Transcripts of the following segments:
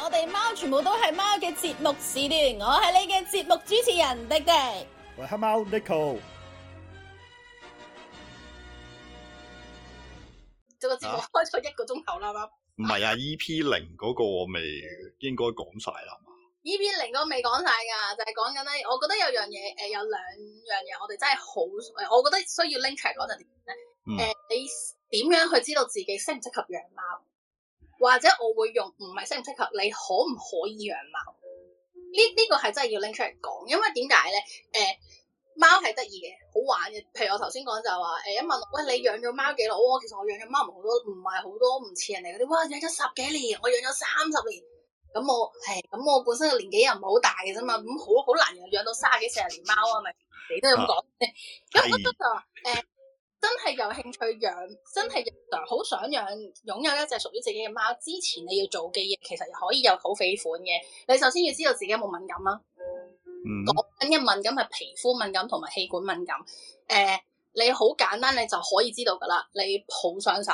我哋貓全部都係貓嘅節目時段，我係你嘅節目主持人迪迪。喂，Neko Ching，呢個節目開咗一個鐘頭啦，唔係啊，啊？EP 零嗰個我未應該講晒啦嘛？EP 零嗰個未講晒噶，就係講緊咧。我覺得有樣嘢，誒、呃，有兩樣嘢，我哋真係好，我覺得需要拎出嚟嗰陣咧。誒、呃，嗯、你點樣去知道自己適唔適合養貓？或者我會用唔係適唔適合，你可唔可以養貓？呢呢、這個係真係要拎出嚟講，因為點解咧？誒、呃，貓係得意嘅，好玩嘅。譬如我頭先講就話誒，一、欸、問喂，你養咗貓幾耐？我、哦、其實我養咗貓唔好多，唔係好多，唔似人哋嗰啲哇，養咗十幾年，我養咗三十年。咁我係咁、哎、我本身嘅年紀又唔係好大嘅啫嘛，咁好好難人養到三啊幾四十年貓啊咪，你都係咁講，咁咁多就誒。真係有興趣養，真係好想養，擁有一隻屬於自己嘅貓。之前你要做記憶，其實可以有好肥款嘅。你首先要知道自己有冇敏感啊。講緊嘅敏感係皮膚敏感同埋氣管敏感。誒、呃，你好簡單，你就可以知道噶啦。你抱上手，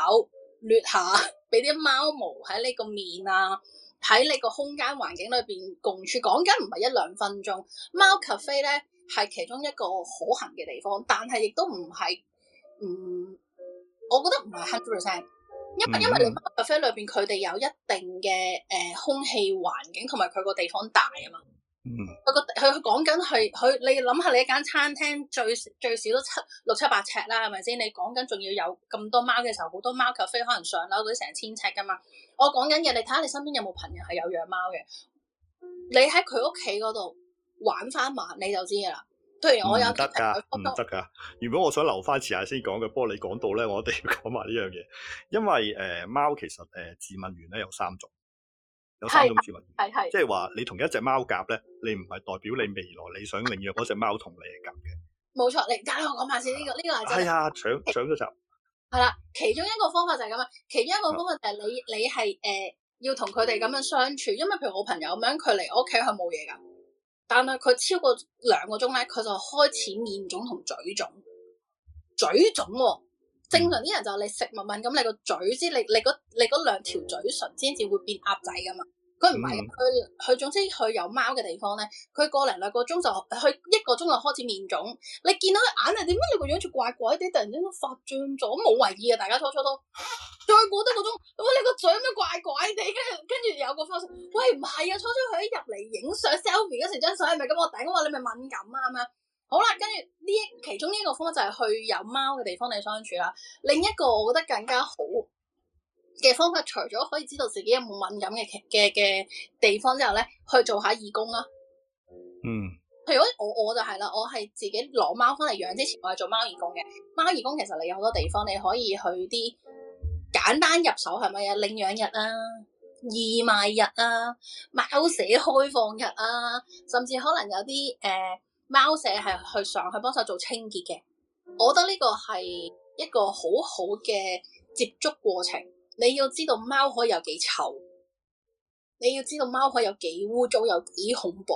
捋下，俾啲貓毛喺你個面啊，喺你個空間環境裏邊共處。講緊唔係一兩分鐘。貓 cafe 咧係其中一個可行嘅地方，但係亦都唔係。嗯，我覺得唔係 hundred percent，因因為你貓、mm hmm. 咖啡裏邊佢哋有一定嘅誒、呃、空氣環境同埋佢個地方大啊嘛。嗯、mm，佢個佢講緊係佢你諗下你間餐廳最最少都七六七百尺啦，係咪先？你講緊仲要有咁多貓嘅時候，好多貓咖啡可能上樓嗰啲成千尺噶嘛。我講緊嘅，你睇下你身邊有冇朋友係有養貓嘅，你喺佢屋企嗰度玩翻埋你就知啦。如我有得㗎，唔得㗎。如果我想留翻遲下先講嘅，不過你講到咧，我哋要講埋呢樣嘢。因為誒、呃、貓其實誒、呃、自問完咧有三種，有三種自問。係係。即係話你同一隻貓夾咧，你唔係代表你未來你想領養嗰隻貓同你夾嘅。冇錯，你教我講下先呢個呢個係。係啊，呢個呢個哎、搶搶咗集。係啦，其中一個方法就係咁啊，其中一個方法就係你你係誒、呃、要同佢哋咁樣相處，因為譬如我朋友咁樣，佢嚟我屋企佢冇嘢㗎。但係佢超過兩個鐘咧，佢就開始面腫同嘴腫，嘴腫，哦。正常啲人就係你食物敏，咁你個嘴先，你你嗰你嗰兩條嘴唇先至會變鴨仔噶嘛。佢唔係，佢佢總之去有貓嘅地方咧，佢過嚟兩個鐘就去一個鐘就開始面腫，你見到佢眼係點樣，你個樣似怪怪地，突然之間都發脹咗，冇為意啊！大家初初都再過多個鐘，哇、哎！你個嘴咁怪怪地，跟住跟住有個方式，喂唔係啊！初初佢一入嚟影相 selfie 嗰時，張相係咪咁我頂？我話你咪敏感啊嘛！好啦，跟住呢一其中呢一個方法就係去有貓嘅地方嚟相處啦。另一個我覺得更加好嘅方法，除咗可以知道自己有冇敏感嘅嘅嘅地方之後咧，去做下義工啦。嗯，譬如我我就係啦，我係自己攞貓翻嚟養之前，我係做貓義工嘅。貓義工其實你有好多地方你可以去，啲簡單入手係咪啊？領養日啊，義賣日啊，貓舍開放日啊，甚至可能有啲誒、呃、貓舍係去上去幫手做清潔嘅。我覺得呢個係一個好好嘅接觸過程。你要知道貓可以有幾臭，你要知道貓可以有幾污糟，有幾恐怖。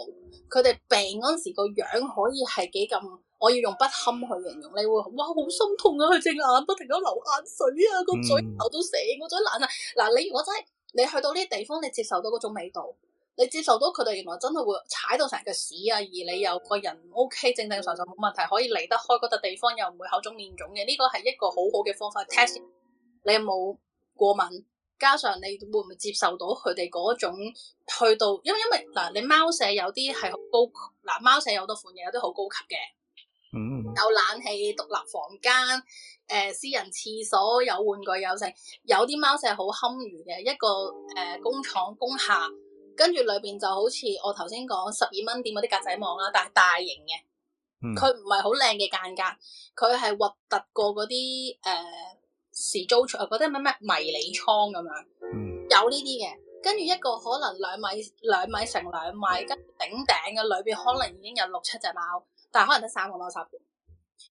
佢哋病嗰時個樣可以係幾咁，我要用不堪去形容。你會哇，好心痛啊！佢隻眼不停咁流眼水啊，個嘴流到成個嘴爛啊。嗱，你如果真係你去到呢啲地方，你接受到嗰種味道，你接受到佢哋原來真係會踩到成個屎啊，而你又個人 OK 正正常常冇問題，可以離得開嗰笪地方，又唔會口腫面腫嘅。呢個係一個好好嘅方法 test 你有冇？過敏，加上你會唔會接受到佢哋嗰種去到？因為因為嗱，你貓舍有啲係好高，嗱貓舍有好多款嘢，有啲好高級嘅，嗯，有冷氣、獨立房間、誒、呃、私人廁所、有玩具有、有成，有啲貓舍好堪遠嘅，一個誒、呃、工廠工廈，跟住裏邊就好似我頭先講十二蚊店嗰啲格仔網啦，但係大型嘅，佢唔係好靚嘅間隔，佢係核突過嗰啲誒。呃是租出啊，嗰啲咩咩迷你倉咁樣，有呢啲嘅。跟住一個可能兩米兩米乘兩米，跟頂頂嘅裏邊可能已經有六七隻貓，但係可能得三個貓砂盤。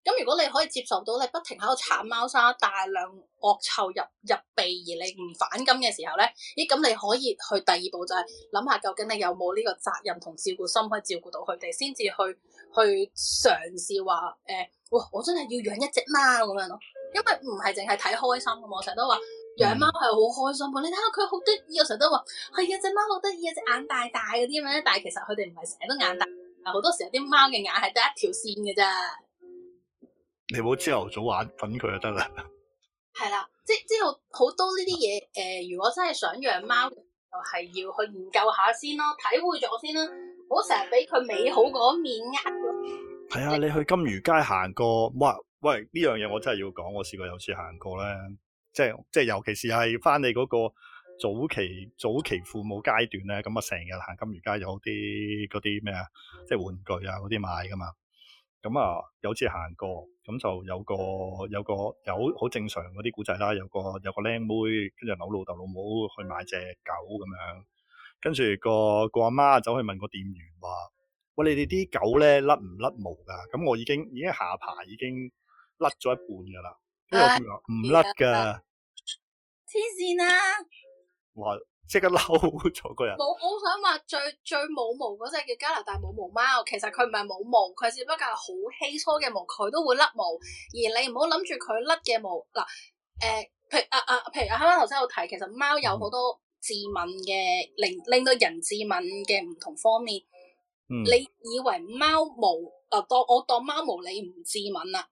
咁如果你可以接受到你不停喺度鏟貓砂，大量惡臭入入鼻而你唔反感嘅時候咧，咦，咁你可以去第二步就係諗下究竟你有冇呢個責任同照顧心可以照顧到佢哋，先至去去嘗試話誒，哇我真係要養一隻貓咁樣咯。因為唔係淨係睇開心嘅嘛，我成日都話養貓係好開心。嗯、你睇下佢好得意，我成日都話係啊，隻貓好得意啊，隻眼大大嗰啲咁樣。但係其實佢哋唔係成日都眼大，好多時候啲貓嘅眼係得一條線嘅啫。你好朝頭早玩訓佢就得啦。係啦，即即係好多呢啲嘢。誒、呃，如果真係想養貓，就係、係、要去研究下先咯，體會咗先啦。唔好成日俾佢美好嗰面呃、啊、咗。係啊，你去金魚街行過哇喂，呢樣嘢，我真係要講，我試過有次行過咧，即係即係，尤其是係翻你嗰個早期早期父母階段咧，咁啊成日行金魚街而家有啲嗰啲咩啊，即係玩具啊嗰啲買噶嘛，咁啊有次行過，咁就有個有個有好正常嗰啲古仔啦，有個有個靚妹跟住扭老豆老母去買隻狗咁樣，跟住個個阿媽，媽走去問個店員話：喂，你哋啲狗咧甩唔甩毛噶？咁我已經已經下排已經。甩咗一半噶啦，唔甩噶黐線啊！哇，即刻嬲咗個人。我我想話最最冇毛嗰隻叫加拿大冇毛貓，其實佢唔係冇毛，佢只不過係好稀疏嘅毛，佢都會甩毛。而你唔好諗住佢甩嘅毛嗱，誒，譬啊啊，譬如啊啱啱頭先有提，其實貓有好多致敏嘅令令到人致敏嘅唔同方面。嗯，你以為貓毛啊，當我當貓毛你唔致敏啊？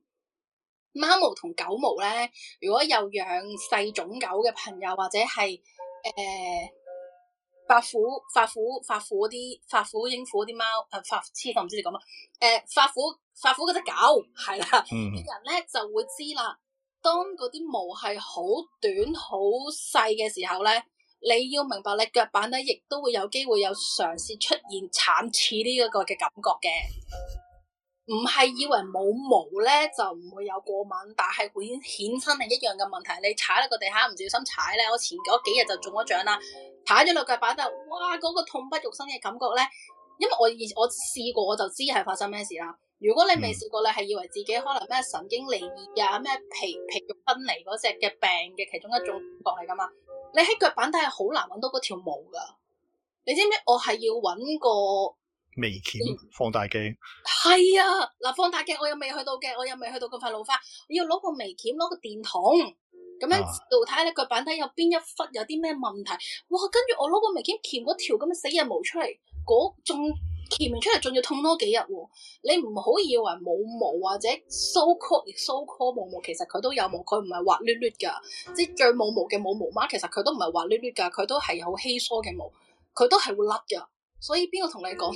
貓毛同狗毛咧，如果有養細種狗嘅朋友，或者係誒、呃、法虎、法虎、法虎啲、法虎英虎啲貓，誒法黐就唔知你講乜，誒法虎、法虎嗰隻狗，係啦，啲、嗯、人咧就會知啦。當嗰啲毛係好短、好細嘅時候咧，你要明白你腳，你腳板咧亦都會有機會有嘗試出現慘似呢一個嘅感覺嘅。唔係以為冇毛咧就唔會有過敏，但係會衍生係一樣嘅問題。你踩喺個地下唔小心踩咧，我前幾日就中咗獎啦，踩咗落腳板底，哇，嗰個痛不欲生嘅感覺咧，因為我我試過我就知係發生咩事啦。如果你未試過咧，係以為自己可能咩神經離異啊，咩皮皮肉分離嗰隻嘅病嘅其中一種感覺嚟噶嘛？你喺腳板底係好難揾到嗰條毛噶，你知唔知我係要揾個？眉鉗、放大鏡？係啊。嗱，放大鏡，嗯啊，我又未去到嘅，我又未去到咁快老花。我要攞個眉鉗，攞個電筒咁樣度睇下你腳板底有邊一忽有啲咩問題。哇！跟住我攞個眉鉗鉗嗰條咁嘅死人毛出嚟，嗰仲鉗出嚟仲要痛多幾日啊。你唔好以為冇毛或者 so call so call 毛毛，其實佢都有毛，佢唔係滑捋捋噶。即係最冇毛嘅冇毛嗎？其實佢都唔係滑捋捋噶，佢都係有稀疏嘅毛，佢都係會甩噶。所以邊個同你講？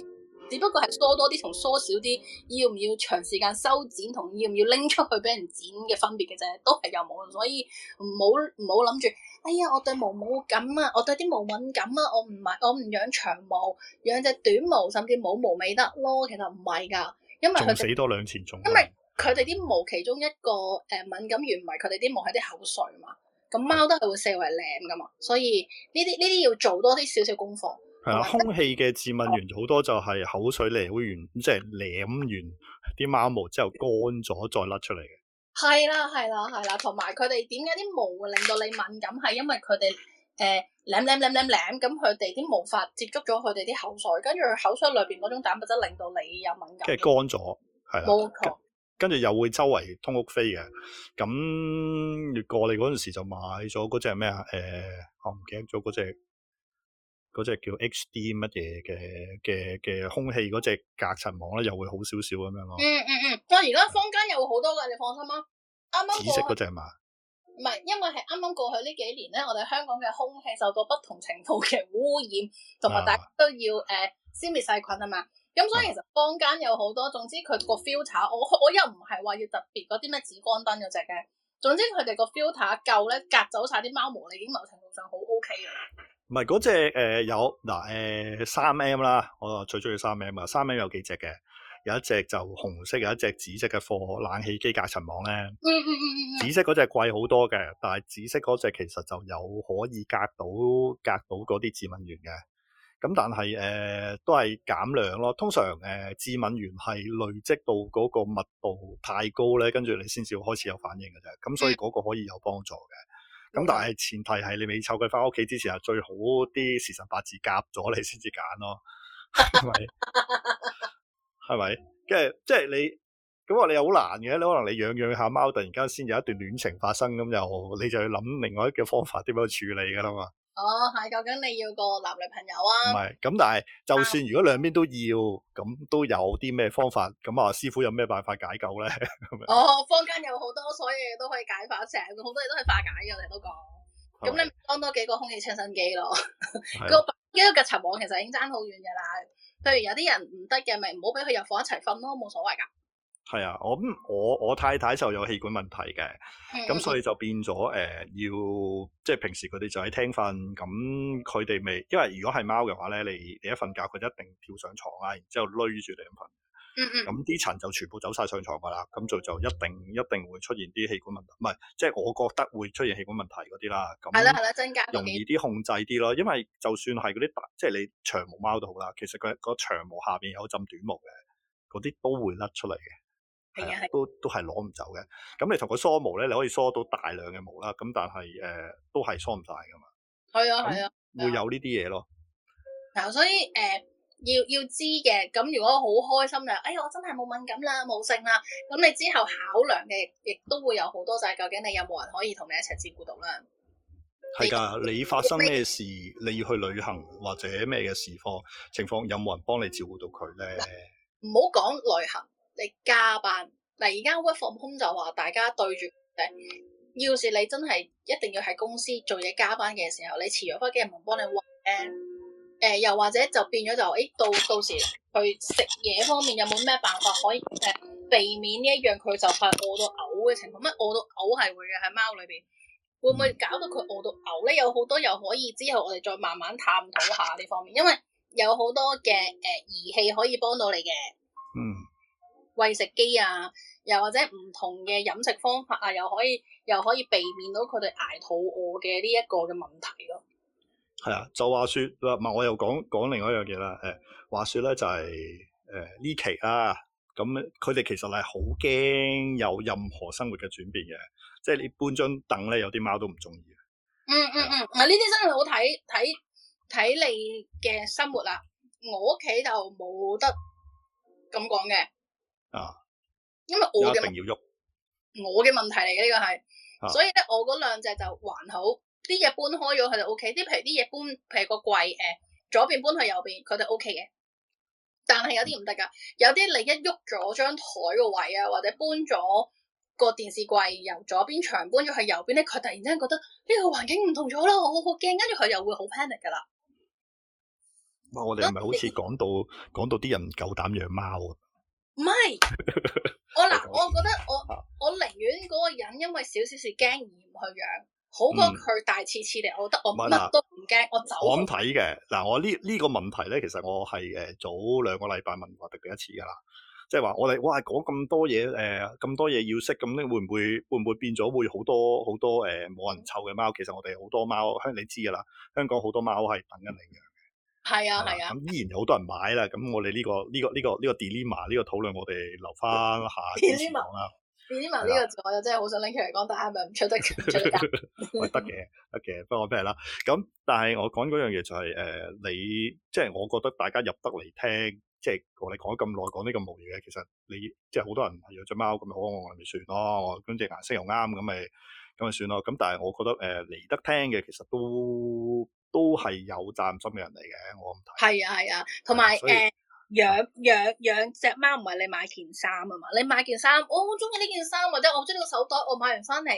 只不過係梳多啲同梳少啲，要唔要長時間修剪同要唔要拎出去俾人剪嘅分別嘅啫，都係有毛。所以唔好唔好諗住。哎呀，我對毛冇感啊，我對啲毛敏感啊，我唔買，我唔養長毛，養隻短毛甚至冇毛咪得咯。其實唔係㗎，因為佢死多兩錢重。因為佢哋啲毛其中一個誒敏感源唔係佢哋啲毛係啲口水嘛，咁貓都係會四圍舐㗎嘛，所以呢啲呢啲要做多啲少少功課。空氣嘅致敏源好多就係口水嚟，會、就是、完即係舐完啲貓毛之後乾咗再甩出嚟嘅。係啦，係啦，係啦，同埋佢哋點解啲毛會令到你敏感？係因為佢哋誒舐舐舐舐舐咁，佢哋啲毛髮接觸咗佢哋啲口水，跟住口水裏邊嗰種蛋白質令到你有敏感，感。即係乾咗，係冇錯，錯跟住又會周圍通屋飛嘅。咁越過嚟嗰陣時就買咗嗰隻咩啊？誒、欸，我唔記得咗嗰隻。嗰隻叫 XD 乜嘢嘅嘅嘅空氣嗰隻隔塵網咧，又會好少少咁樣咯。嗯嗯嗯，我而家坊間有好多噶，你放心啦。啱啱紫色嗰隻嘛，唔係，因為係啱啱過去呢幾年咧，我哋香港嘅空氣受到不同程度嘅污染，同埋大家都要誒、啊呃、消滅細菌啊嘛。咁所以其實坊間有好多，總之佢個 filter，我我又唔係話要特別嗰啲咩紫光燈嗰隻嘅。總之佢哋個 filter 夠咧，隔走晒啲貓毛，你已經某程度上好 OK 噶啦。唔係嗰隻誒有嗱誒三 M 啦，我最中意三 M 啊。三 M 有幾隻嘅，有一隻就紅色，有一隻紫色嘅貨冷氣機隔塵網咧。 紫色嗰隻貴好多嘅，但係紫色嗰隻其實就有可以隔到隔到嗰啲致敏源嘅。咁但係誒、呃、都係減量咯。通常誒致敏源係累積到嗰個密度太高咧，跟住你先至開始有反應嘅啫。咁所以嗰個可以有幫助嘅。咁、嗯、但係前提係你未湊佢翻屋企之前，係最好啲時辰八字夾咗你先至揀咯，係咪？係咪？ 即係即係你咁話你又好難嘅，你可能你養養下貓，突然間先有一段戀情發生咁，又你就去諗另外一個方法點樣處理噶啦嘛。哦，係，究竟你要個男女朋友啊？唔係，咁但係就算如果兩邊都要，咁都的有啲咩方法？咁啊，師傅有咩辦法解救咧？ 哦，坊間有好多所以嘢都可以解化，都化解一齊，好多嘢都係化解嘅，我哋都講。咁的你安多幾個空氣清新機咯，個 一的 個隔塵網其實已經爭好遠嘅啦。譬如有啲人唔得嘅，咪唔好俾佢入房一齊瞓咯，冇所謂噶。係啊，我我我太太就有氣管問題嘅，咁、嗯、所以就變咗誒、呃，要即係平時佢哋就喺廳瞓，咁佢哋未，因為如果係貓嘅話咧，你你一瞓覺佢一定跳上床啊，然之後攬住你咁瞓，咁啲塵就全部走晒上床㗎啦，咁就就一定一定會出現啲氣管問題，唔係即係我覺得會出現氣管問題嗰啲啦。咁係啦係啦，增、嗯、容易啲控制啲咯，因為就算係嗰啲即係你長毛貓都好啦，其實佢嗰、那個、長毛下邊有陣短毛嘅，嗰啲都會甩出嚟嘅。係啊，都都係攞唔走嘅。咁你同佢梳毛咧，你可以梳到大量嘅毛啦。咁但係誒、呃，都係梳唔晒噶嘛。係啊，係啊，會有呢啲嘢咯。嗱、嗯，所以誒、呃，要要知嘅。咁如果好開心咧，哎我真係冇敏感啦，冇性啦。咁你之後考量嘅亦都會有好多，就係究竟你有冇人可以同你一齊照顧到啦。係噶，你發生咩事，你要去旅行或者咩嘅事況情況，有冇人幫你照顧到佢咧？唔好講旅行。你加班嗱，而家 work from home 就話大家對住，誒，要是你真係一定要喺公司做嘢加班嘅時候，你遲咗翻機唔幫你運，誒、呃，誒、呃，又或者就變咗就，誒、欸，到到時佢食嘢方面有冇咩辦法可以、呃、避免呢一樣佢就快餓到嘔嘅情況？乜餓到嘔係會嘅喺貓裏邊，會唔會搞到佢餓到嘔咧？有好多又可以之後我哋再慢慢探討下呢方面，因為有好多嘅誒儀器可以幫到你嘅，嗯。喂食機啊，又或者唔同嘅飲食方法啊，又可以又可以避免到佢哋捱肚餓嘅呢一個嘅問題咯。係啊，就話説，唔係我又講講另外一樣嘢啦。誒、啊，話説咧就係誒呢期啊，咁佢哋其實係好驚有任何生活嘅轉變嘅，即係你搬張凳咧，有啲貓都唔中意。嗯嗯、啊、嗯，嗱呢啲真係好睇睇睇你嘅生活啦。我屋企就冇得咁講嘅。啊，因為我一定要喐，我嘅問題嚟嘅呢個係，啊、所以咧我嗰兩隻就還好，啲嘢搬開咗佢就 O K，啲皮啲嘢搬譬如，搬譬如個櫃，誒，左邊搬去右邊佢就 O K 嘅，但係有啲唔得噶，嗯、有啲你一喐咗張台個位啊，或者搬咗個電視櫃由左邊牆搬咗去右邊咧，佢突然之間覺得呢、這個環境唔同咗啦，我好驚，跟住佢又會好 panic 噶啦。哇，我哋唔係好似講到講你到啲人夠膽養貓。唔係，我嗱， 我覺得我、嗯、我寧願嗰個人因為少少事驚而唔去養，好過佢大次次嚟。我覺得我乜都唔驚，我走。咁睇嘅，嗱，我呢呢個問題咧，其實我係誒早兩個禮拜問阿廸廸一次噶啦，即係話我哋哇講咁多嘢誒，咁、呃、多嘢要識，咁咧會唔會會唔會變咗會好多好多誒冇、呃、人湊嘅貓？其實我哋好多貓，香港你知噶啦，香港好多貓係等緊你嘅。係啊係啊，咁、啊啊嗯、依然有好多人買啦。咁、嗯嗯、我哋呢、呢個呢、呢個呢、呢個呢、呢個 dilemma 呢個討論，我哋留翻下。dilemma 呢個我又真係好想拎佢嚟講，但係咪唔出得？出得噶？得嘅，得嘅。不過咩啦？咁但係我講嗰樣嘢就係誒，你即係、就是、我覺得大家入得嚟聽，即係我哋講咁耐，講呢個無聊嘢。其實你即係好多人係養隻貓咁，咪好，我咪邊算咯。我跟隻顏色又啱，咁、嗯、咪。嗯嗯嗯咁咪算咯，咁但係我覺得誒、呃、嚟得聽嘅，其實都都係有責任心嘅人嚟嘅，我唔睇。係啊係啊，同埋誒養養養隻貓唔係你買件衫啊嘛，你買件衫、哦，我好中意呢件衫，或者我中意呢個手袋，我買完翻嚟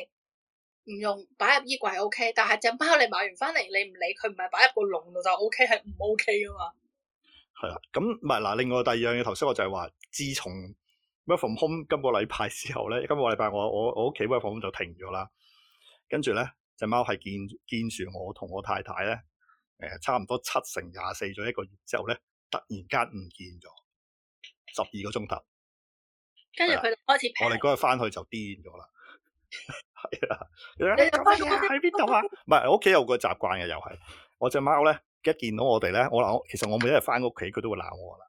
唔用擺入衣櫃 O K，但係隻貓你買完翻嚟你唔理佢，唔係擺入個籠度就 O K 係唔 O K 噶嘛。係啊，咁唔係嗱，另外第二樣嘢頭先我就係話，自從，從 One Phone 今個禮拜之後咧，今個禮拜我我拜我屋企 One Phone 就停咗啦。跟住咧，隻貓係見見住我同我太太咧，誒差唔多七成廿四咗一個月之後咧，突然間唔見咗十二個鐘頭。跟住佢開始。我哋嗰日返去就癲咗啦，係啦。 你又開喺邊度啊？唔係， 屋企有個習慣嘅，又係我隻貓咧，一見到我哋咧，我嗱，其實我每一日返屋企佢都會鬧我啦，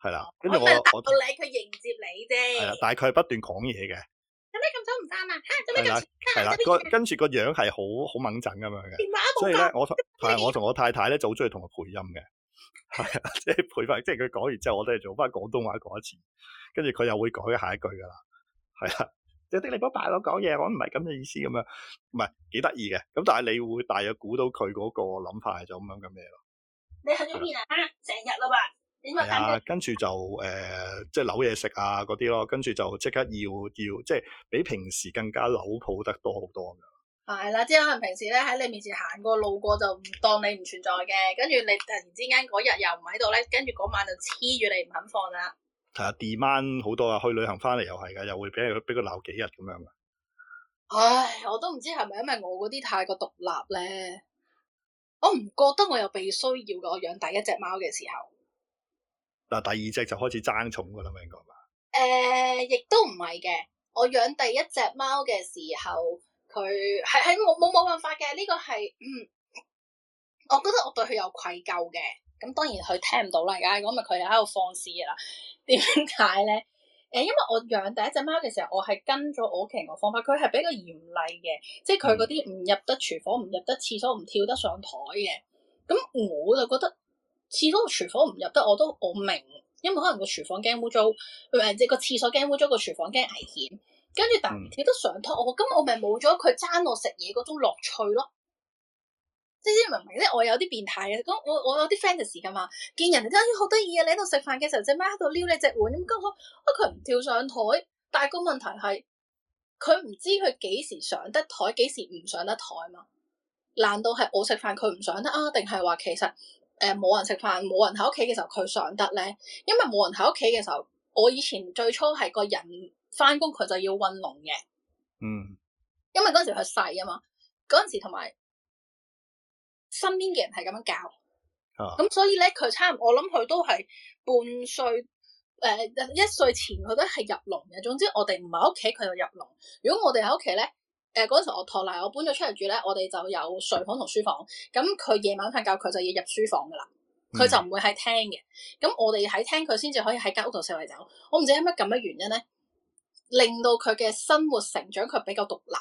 係啦。跟住我我。冇理佢迎接你啫。係啊，但係佢係不斷講嘢嘅。 係啦，係啦，個跟住個樣係好好猛陣咁樣嘅，所以咧我同係我同我太太咧就好中意同佢配音嘅，即係配翻，即係佢講完之後我都係做翻廣東話講一次，跟住佢又會講下一句噶啦，係啦，即係的你嗰大佬講嘢，我唔係咁嘅意思咁樣，唔係幾得意嘅。咁但係你會大約估到佢嗰個諗法係做咁樣嘅咩咯？你去咗邊啊？啊，成日啦吧。係啊，跟住就誒、呃，即係扭嘢食啊嗰啲咯，跟住就即刻要要，即係比平時更加扭抱得多好多噶，啊。係啦，即係可能平時咧喺你面前行過路過就當你唔存在嘅，跟住你突然之間嗰日又唔喺度咧，跟住嗰晚就黐住你唔肯放啦。係啊 demand 好多啊，去旅行翻嚟又係噶，又會俾佢俾佢鬧幾日咁樣噶。唉，我都唔知係咪因為我嗰啲太過獨立咧，我唔覺得我有被需要嘅。我養第一隻貓嘅時候。嗱，第二隻就開始爭寵噶啦，唔係講嘛？誒，亦都唔係嘅。我養第一隻貓嘅時候，佢係係冇冇冇辦法嘅。呢個係、嗯，我覺得我對佢有愧疚嘅。咁當然佢聽唔到啦，而家咁咪佢喺度放肆啦。點解咧？誒，因為我養第一隻貓嘅時候，我係跟咗我屋企人嘅方法，佢係比較嚴厲嘅，即係佢嗰啲唔入得廚房、唔入得廁所、唔跳得上台嘅。咁我就覺得。廁所、個廚房唔入得，我都我明，因為可能個廚房驚污糟，佢係即係個廁所驚污糟，個廚房驚危險。跟住但係你都上台，我咁我咪冇咗佢爭我食嘢嗰種樂趣咯。即係明唔明？即係我有啲變態嘅，咁我我有啲 fantasy 噶嘛。見人真係好得意啊！你喺度食飯嘅時候，隻貓喺度撩你隻碗咁，咁佢唔跳上台，但係個問題係佢唔知佢幾時上得台，幾時唔上得台嘛？難道係我食飯佢唔上得啊？定係話其實？誒，冇、呃、人食飯，冇人喺屋企嘅時候，佢上得咧，因為冇人喺屋企嘅時候，我以前最初係個人返工，佢就要運籠嘅，嗯，因為嗰陣時佢細啊嘛，嗰陣時同埋身邊嘅人係咁樣教，咁、啊、所以咧佢差唔多，我諗佢都係半歲，誒、呃、一歲前佢都係入籠嘅，總之我哋唔喺屋企佢就入籠，如果我哋喺屋企咧。誒，嗰陣、呃、時我托賴，我搬咗出嚟住咧，我哋就有睡房同書房。咁佢夜晚瞓覺，佢就要入書房噶啦，佢就唔會喺廳嘅。咁我哋喺廳，佢先至可以喺間屋度四圍走。我唔知係乜咁嘅原因咧，令到佢嘅生活成長佢比較獨立。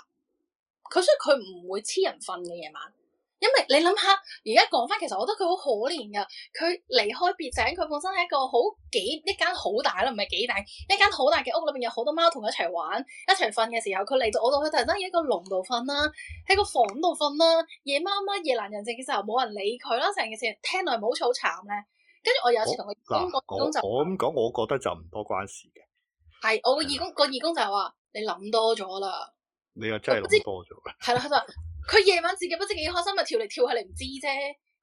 佢所以佢唔會黐人瞓嘅夜晚。因為你諗下，而家講翻，其實我覺得佢好可憐噶。佢離開別井，佢本身係一個好幾一間好大啦，唔係幾大，一間好大嘅屋，裏邊有好多貓，同佢一齊玩，一齊瞓嘅時候，佢嚟到我度，佢突然之間喺個籠度瞓啦，喺個房度瞓啦，夜媽媽夜闌人靜嘅時候，冇人理佢啦，成件事聽落好嘈好慘咧。跟住我有次同佢義工我咁講，我，我，說我覺得就唔多關事嘅。係我個義工的個義工就話：你諗多咗啦。你又真係諗多咗。係啦，佢就。 佢夜晚自己不知幾開心，啊，咪跳嚟跳去，你唔知啫。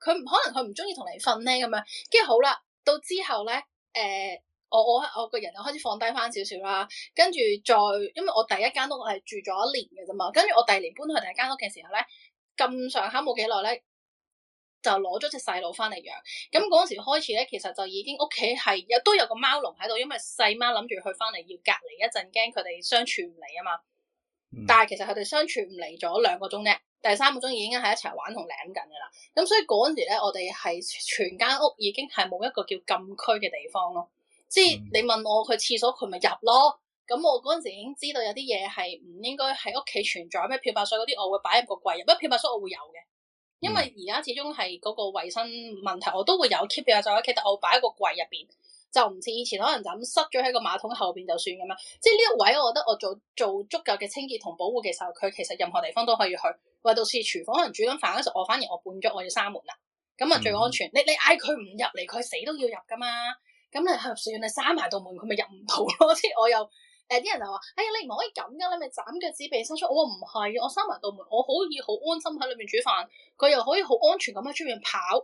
佢唔可能佢唔中意同你瞓咧咁樣。跟住好啦，到之後咧，誒、呃，我我我個人就開始放低翻少少啦。跟住再，因為我第一間屋係住咗一年嘅啫嘛。跟住我第二年搬去第一間屋嘅時候咧，咁上下冇幾耐咧，就攞咗隻細佬翻嚟養。咁嗰時開始咧，其實就已經屋企係有都有個貓籠喺度，因為細貓諗住佢翻嚟要隔離一陣，驚佢哋相處唔嚟啊嘛。但係其實佢哋相處唔嚟咗兩個鐘咧，第三個鐘已經係一齊玩同舐緊噶啦。咁所以嗰陣時咧，我哋係全間屋已經係冇一個叫禁區嘅地方咯。即係你問我去廁所，佢咪入咯。咁我嗰陣時已經知道有啲嘢係唔應該喺屋企存在，咩漂白水嗰啲我會擺喺個櫃入。不過漂白水我會有嘅，因為而家始終係嗰個衛生問題我都會有 keep 漂白水就喺 keep 但我擺喺個櫃入邊。就唔似以前可能就咁塞咗喺個馬桶後邊就算咁樣，即係呢一位我覺得我做做足夠嘅清潔同保護嘅時候，佢其實任何地方都可以去。或者好似廚房可能煮緊飯嗰陣，我反而我半足我要閂門啦，咁啊最安全。嗯、你你嗌佢唔入嚟，佢死都要入噶嘛。咁你係算，你閂埋道門，佢咪入唔到咯？即 係我又誒啲、哎、人就話：哎呀，你唔可以咁㗎，你咪斬腳趾避伸出。我話唔係，我閂埋道門，我可以好安心喺裏面煮飯，佢又可以好安全咁喺出面跑。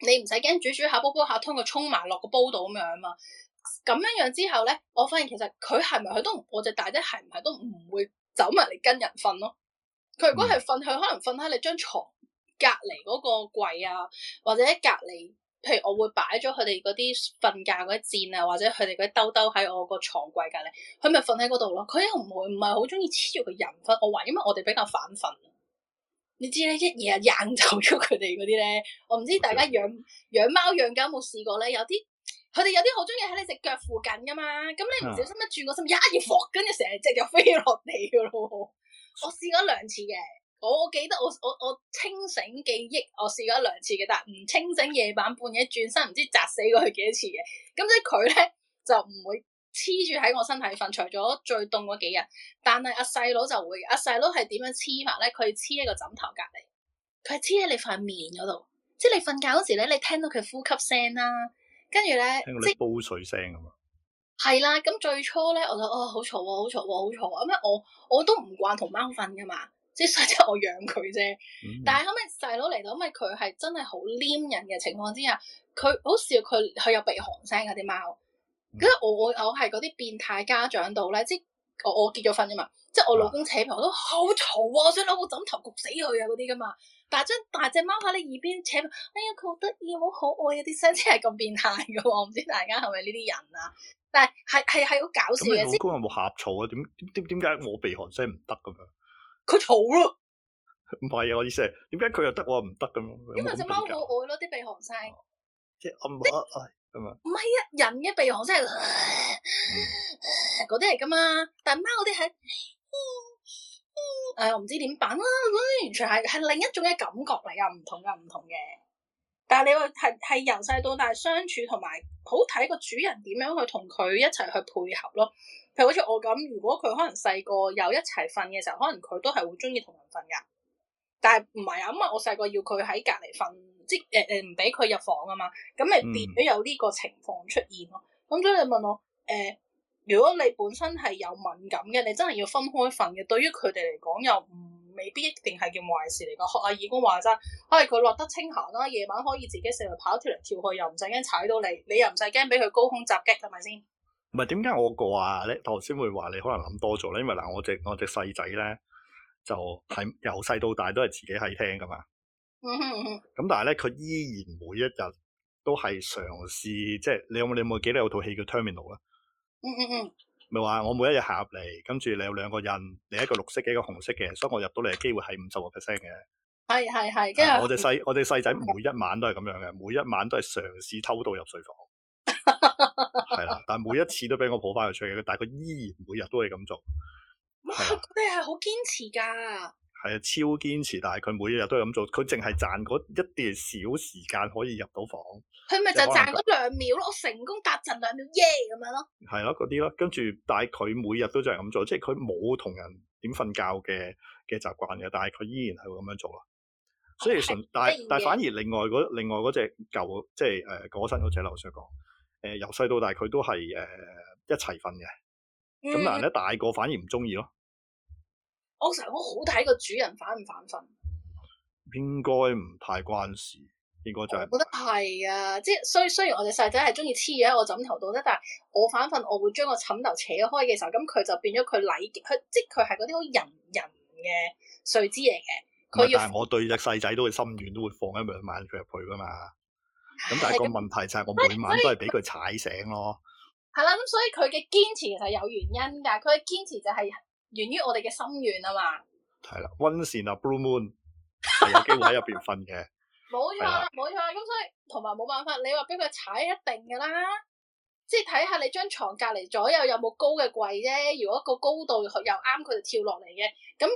你唔使驚，煮煮下煲煲下，下，通過衝埋落個煲度咁樣啊嘛。咁樣樣之後咧，我發現其實佢係咪佢都唔，我隻大仔係唔係都唔會走埋嚟跟人瞓咯。佢如果係瞓，佢可能瞓喺你張床隔籬嗰個櫃啊，或者喺隔籬。譬如我會擺咗佢哋嗰啲瞓覺嗰啲墊啊，或者佢哋嗰啲兜兜喺我個床櫃隔籬，佢咪瞓喺嗰度咯。佢又唔會唔係好中意黐住個人瞓，我話因為我哋比較反瞓。你知咧，一夜掗走咗佢哋嗰啲咧，我唔知大家養養貓養狗有冇試過咧，有啲佢哋有啲好中意喺你隻腳附近噶嘛，咁你唔小心一轉個心，一要霍，跟住成隻腳飛落地噶咯。我試過一兩次嘅，我記得我我我清醒記憶，我試過一兩次嘅，但係唔清醒，夜晚半夜轉身唔知砸死過去幾多次嘅。咁即係佢咧就唔會。黐住喺我身體瞓，除咗最凍嗰幾日，但係阿細佬就會，阿細佬係點樣黐法咧？佢黐喺個枕頭隔離，佢黐喺你塊面嗰度，即係你瞓覺嗰時咧，你聽到佢呼吸聲啦，跟住咧即係煲水聲啊嘛，係啦。咁最初咧，我就哦，好嘈，好嘈，好嘈。咁啊，我我都唔慣同貓瞓噶嘛，即係即係我養佢啫。嗯、但係後尾細佬嚟到，因為佢係真係好黏人嘅情況之下，佢好笑，佢佢有鼻鼾聲嗰啲貓。咁、嗯、我我我係嗰啲變態家長度咧，即係我我結咗婚啊嘛，即係我老公扯皮我都好嘈啊，想攞個枕頭焗死佢啊嗰啲噶嘛。但係將大隻貓喺你耳邊扯，哎呀佢好得意，好可愛啊，啲聲真係咁變態噶，我唔知大家係咪呢啲人啊？但係係係係好搞笑嘅。咁你老公有冇呷醋啊？點點點解我鼻鼾聲唔得咁樣？佢嘈咯，唔係啊我意思係，點解佢又得我唔得咁樣？因為隻貓好愛咯，啲鼻鼾聲、啊、即係暗唔係啊，人嘅鼻鼾真係嗰啲嚟噶嘛，但係貓嗰啲係，誒，我唔知點辦啦，嗰啲完全係係另一種嘅感覺嚟噶，唔同噶唔同嘅。但係你話係係由細到大相處同埋好睇個主人點樣去同佢一齊去配合咯。譬如好似我咁，如果佢可能細個又一齊瞓嘅時候，可能佢都係會中意同人瞓噶。但係唔係啊，因為我細個要佢喺隔籬瞓。即誒誒唔俾佢入房啊嘛，咁咪變咗有呢個情況出現咯。咁、嗯、所以你問我誒、呃，如果你本身係有敏感嘅，你真係要分開瞓嘅。對於佢哋嚟講，又唔未必一定係件壞事嚟㗎。學阿義工話齋，唉、哎，佢落得清閒啦，夜晚可以自己成日跑跳嚟跳去，又唔使驚踩到你，你又唔使驚俾佢高空襲擊，係咪先？唔係點解我個話咧，頭先會話你可能諗多咗咧，因為嗱，我隻我隻細仔咧，就係由細到大都係自己喺廳㗎嘛。嗯嗯咁但係咧，佢依然每一日都係嘗試，即係你有冇你有冇記得有套戲叫 Terminal 啊、嗯？嗯嗯嗯，咪話我每一日行入嚟，跟住你有兩個人，你一個綠色嘅，一個，一個紅色嘅，所以我入到嚟嘅機會係五十個 percent 嘅。係係係，跟住我哋細我哋細仔每一晚都係咁樣嘅，每一晚都係嘗試偷渡入睡房，係啦， 但係每一次都俾我抱翻佢出嘅，但係佢依然每日都係咁做。哇、嗯，佢哋係好堅持噶。係啊，超堅持，但係佢每日都係咁做，佢淨係賺嗰一啲小時間可以入到房。佢咪就賺嗰兩秒咯，成功搭陣兩秒，耶咁樣咯。係咯，嗰啲咯，跟住但係佢每日都就係咁做，即係佢冇同人點瞓覺嘅嘅習慣嘅，但係佢依然係會咁樣做啊。所以純的但係的但係反而另外嗰另外隻舊，即係誒、呃、身嗰隻老鼠講，誒由細到大佢都係誒、呃、一齊瞓嘅，咁但係咧大個反而唔中意咯。我成日我好睇個主人反唔反瞓，應該唔太關事，應該就係、係、我覺得係啊，即係雖雖然我隻細仔係中意黐住喺我枕頭度咧，但係我反瞓我會將個枕頭扯開嘅時候，咁佢就變咗佢禮佢即係佢係嗰啲好仁人嘅睡姿嚟嘅。唔係，但係我對隻細仔都會心軟，都會放一兩晚佢入去噶嘛。咁但係個問題就係我每晚都係俾佢踩醒咯。係啦、哎，咁所以佢嘅堅持其實有原因噶。佢嘅堅持就係、係。源於我哋嘅心願啊嘛，係啦，溫善啊，Blue Moon 係有機會喺入邊瞓嘅，冇錯啦冇錯啦，咁所以同埋冇辦法，你話俾佢踩一定噶啦，即係睇下你張床隔籬左右有冇高嘅櫃啫，如果個高度又啱佢哋跳落嚟嘅，咁。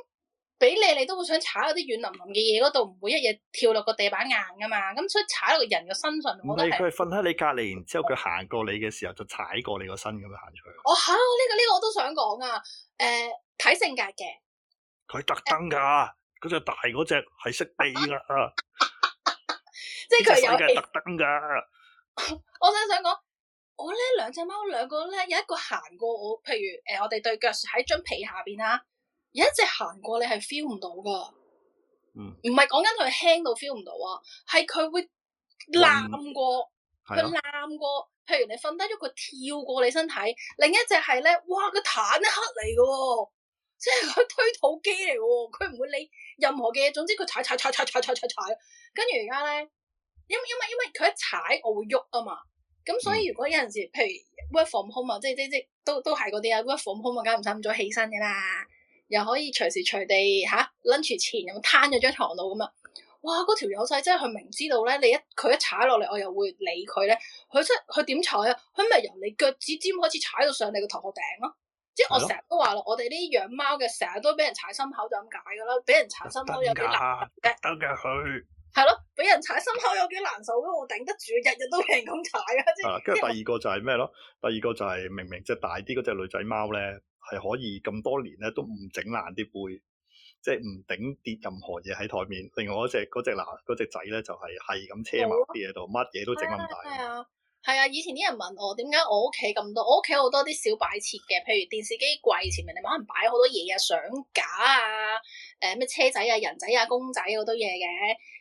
俾你，你都會想踩嗰啲軟腍腍嘅嘢嗰度，唔會一日跳落個地板硬噶嘛。咁所以踩落個人嘅身上，我都係。佢瞓喺你隔離，然之後佢行過你嘅時候，就踩過你個身咁樣行出去。哦，嚇、這個，呢個呢個我都想講啊。誒、呃，睇性格嘅。佢特登㗎，嗰、呃、隻大嗰隻係識地㗎，即係佢有特登㗎。 我想想講，我咧兩隻貓兩個咧有一個行過我，譬如誒、呃、我哋對腳喺張被下邊啦。有一隻行過你係 feel 唔到噶。嗯，唔係講緊佢輕到 feel 唔到啊，係佢會攬過，佢攬過，譬如你瞓低咗佢跳過你身體，另一隻係咧，哇個坦克嚟嘅，即係佢推土機嚟，佢唔會理任何嘅嘢，總之佢踩踩踩踩踩踩踩，跟住而家咧，因為因為因為佢一踩我會喐啊嘛，咁所以如果有陣時，譬如 work from home 啊，即係即即都都係嗰啲啊，work from home 啊，梗係唔使咁早起身噶啦。又可以隨時隨地吓，lunch 前咁攤咗張床度咁啊！哇，嗰條友仔真係佢明知道咧，你一佢一踩落嚟，我又會理佢咧。佢即係佢點踩啊？佢咪由你腳趾尖開始踩到上你個頭殼頂咯，啊！即係我成日都話啦，的我哋呢啲養貓嘅成日都俾人踩心口就，就咁解㗎啦！俾人踩心口有幾難嘅？得嘅佢。係咯，俾人踩心口有幾難受咯，我頂得住，日日都俾人咁踩啊！啊後，跟住 第二個就係咩咯？第二個就係、係、明明隻大啲嗰隻女仔貓咧，係可以咁多年咧都唔整爛啲背，即係唔頂跌任何嘢喺台面。另外嗰隻隻嗱隻仔咧就係係咁車埋啲喺度，乜嘢、啊、都整咁大。係啊，以前啲人問我點解我屋企咁多，我屋企好多啲小擺設嘅，譬如電視機櫃前面你可能擺好多嘢啊，相架啊，誒、呃、咩車仔啊、人仔啊、公仔好、啊、多嘢嘅，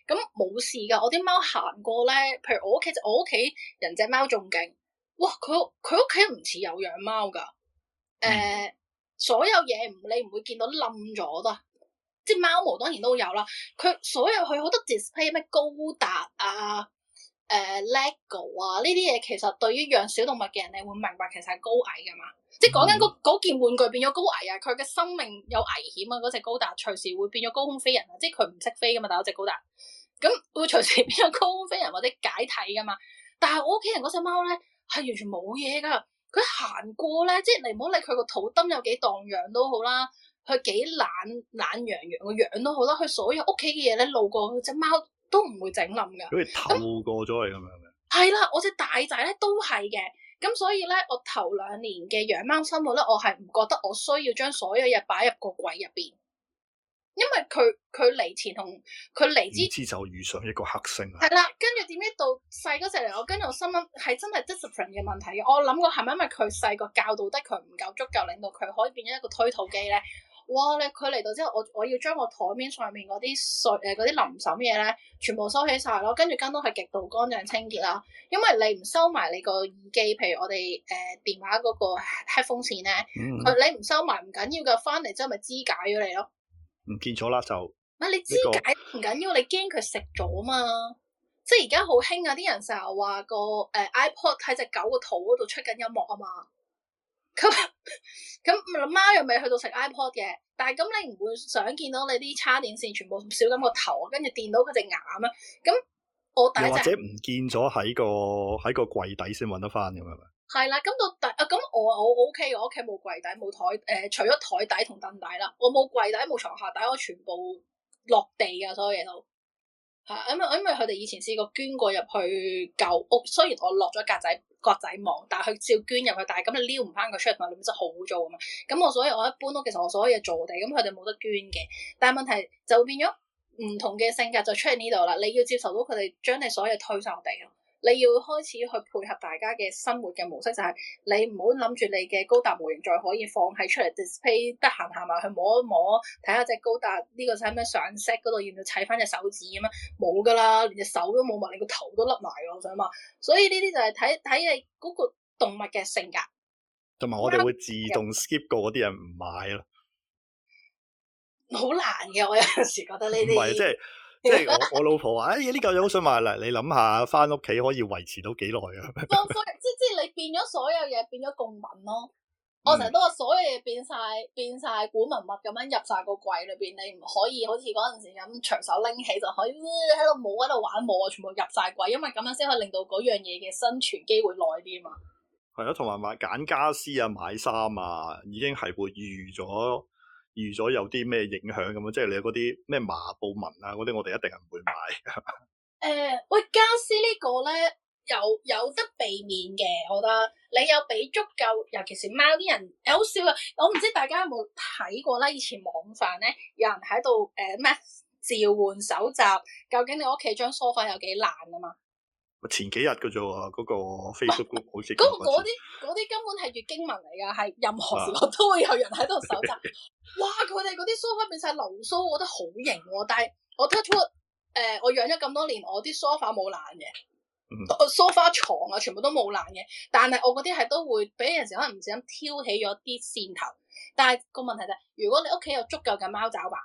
咁冇事噶，我啲貓行過咧，譬如我屋企就我屋企人隻貓仲勁，哇佢佢屋企唔似有養貓噶，誒、呃嗯、所有嘢唔你唔會見到冧咗啦，即係貓毛當然都有啦，佢所有佢好多 display 咩高達啊。誒、uh，LEGO 啊，呢啲嘢其實對於養小動物嘅人，你會明白其實係高危噶嘛，嗯、即係講緊嗰件玩具變咗高危啊，佢嘅生命有危險啊，嗰隻高達隨時會變咗高空飛人啊，即係佢唔識飛噶嘛，但係嗰隻高達，咁會隨時變咗高空飛人或者解體噶嘛。但係我屋企人嗰隻貓咧係完全冇嘢噶，佢行過咧，即係你唔好理佢個肚墩有幾盪漾都好啦，佢幾懶懶洋洋個樣都好啦，佢所有屋企嘅嘢咧路過佢隻貓。都唔會整冧噶，好似透過咗嚟咁樣。係啦那， 我隻大仔咧都係嘅，咁所以咧我頭兩年嘅養貓生活咧，我係唔覺得我需要將所有嘢擺入個櫃入邊，因為佢佢嚟前同佢嚟之前就遇上一個黑星啦。係啦，跟住點知到細嗰隻嚟，我跟住我心諗係真係 discipline 嘅問題。我諗過係咪因為佢細個教導得佢唔夠足夠，令到佢可以變咗一個推土機咧？哇！你佢嚟到之後，我我要將個台面上面嗰啲碎誒啲臨手嘢咧，全部收起晒咯。跟住間都係極度乾淨清潔啦。因為你唔收埋你個耳機，譬如我哋誒、呃、電話嗰個 headphone 線咧，佢、嗯嗯、你唔收埋唔緊要嘅，翻嚟之後咪肢解咗你咯。唔見咗啦就。唔、這個、係你肢解唔緊要，你驚佢食咗啊嘛？即係而家好興啊，啲人成日話個誒、呃、iPod 喺隻狗個肚嗰度出緊音樂啊嘛。咁咁，貓又未去到食 iPod 嘅，但係咁你唔會想見到你啲叉電線全部少咁個頭，跟住電到佢隻眼啊？咁我大或者唔見咗喺個喺個櫃底先揾得翻咁樣。係啦，咁到第啊，咁我我 OK，我屋企冇櫃底，冇台誒，除咗台底同凳底啦，我冇櫃底，冇床下底，我全部落地啊，所有嘢都吓，因為因為佢哋以前試過捐過入去舊屋，雖然我落咗格仔。國際網，但係佢照捐入去，但係咁你撩唔翻佢出嚟嘛，你咪真係好做啊嘛！咁我所以，我一般都其實我所有嘢做地，咁佢哋冇得捐嘅，但係問題就變咗唔同嘅性格就出喺呢度啦，你要接受到佢哋將你所有嘢推晒我哋啊！你要開始去配合大家嘅生活嘅模式，就係、是、你唔好諗住你嘅高達模型再可以放喺出嚟 display，得閒行埋去摸一摸，睇下隻高達呢、這個使咩上色嗰度要唔要砌翻隻手指咁樣？冇噶啦，連隻手都冇埋，你個頭都甩埋嘅，我想話，所以呢啲就係睇睇你嗰個動物嘅性格，同埋我哋會自動 skip 過嗰啲人唔買咯，好難嘅，我有陣時覺得呢啲。就係 即係我我老婆話，哎呢嚿嘢好想買啦，你諗下翻屋企可以維持到幾耐啊？即係即係你變咗所有嘢變咗共鳴咯。嗯、我成日都話所有嘢變晒變晒古文物咁樣，入晒個櫃裏邊，你唔可以好似嗰陣時咁隨手拎起就可以喺度冇喺度玩冇啊，全部入晒櫃，因為咁樣先可以令到嗰樣嘢嘅生存機會耐啲啊嘛。係咯、嗯，同埋買揀家私啊，買衫啊，已經係會預咗。預咗有啲咩影響咁啊？即係你嗰啲咩麻布紋啊，嗰啲我哋一定係唔會買。誒、呃，喂，家私呢個咧有有得避免嘅，我覺得你有俾足夠，尤其是貓啲人，好、欸、笑啊！我唔知大家有冇睇過啦，以前網上咧有人喺度誒咩召喚搜集，究竟你屋企張梳化有幾爛啊嘛？前幾日嘅啫喎，嗰、那個 Facebook、啊、好似嗰啲嗰啲根本係月經文嚟噶，係任何時候都會有人喺度搜集。啊、 哇！佢哋嗰啲梳化變晒流蘇，我覺得好型喎、哦。但係我得出誒、呃，我養咗咁多年，我啲梳化冇爛嘅，嗯、梳化床啊，全部都冇爛嘅。但係我嗰啲係都會俾人陣時可能唔小心挑起咗啲線頭。但係個問題就係，如果你屋企有足夠嘅貓爪板。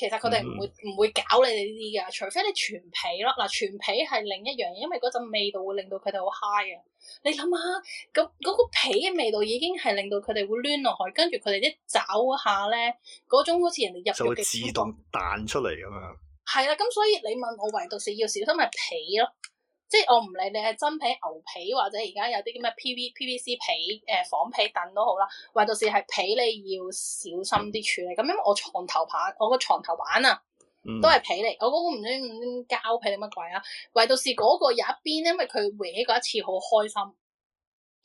其實佢哋唔會唔、嗯、會搞你哋呢啲噶，除非你全皮咯。嗱，全皮係另一樣嘢，因為嗰陣味道會令到佢哋好嗨 i 啊！你諗下，咁嗰、那個皮嘅味道已經係令到佢哋會攣落去，跟住佢哋一爪下咧，嗰種好似人哋入咗嘅。自動彈出嚟咁樣。係啊，咁所以你問我，唯獨是要小心咪、就是、皮咯。即係我唔理你係真皮、牛皮或者而家有啲咁嘅 P.V.P.V.C. 皮，誒、呃，仿皮凳都好啦。唯獨是係皮你要小心啲處理。咁因為我床頭板，我個床頭板啊，嗯、都係皮嚟，我嗰個唔知唔知膠皮定乜鬼啊。唯獨是嗰個有一邊因為佢歪過一次好開心，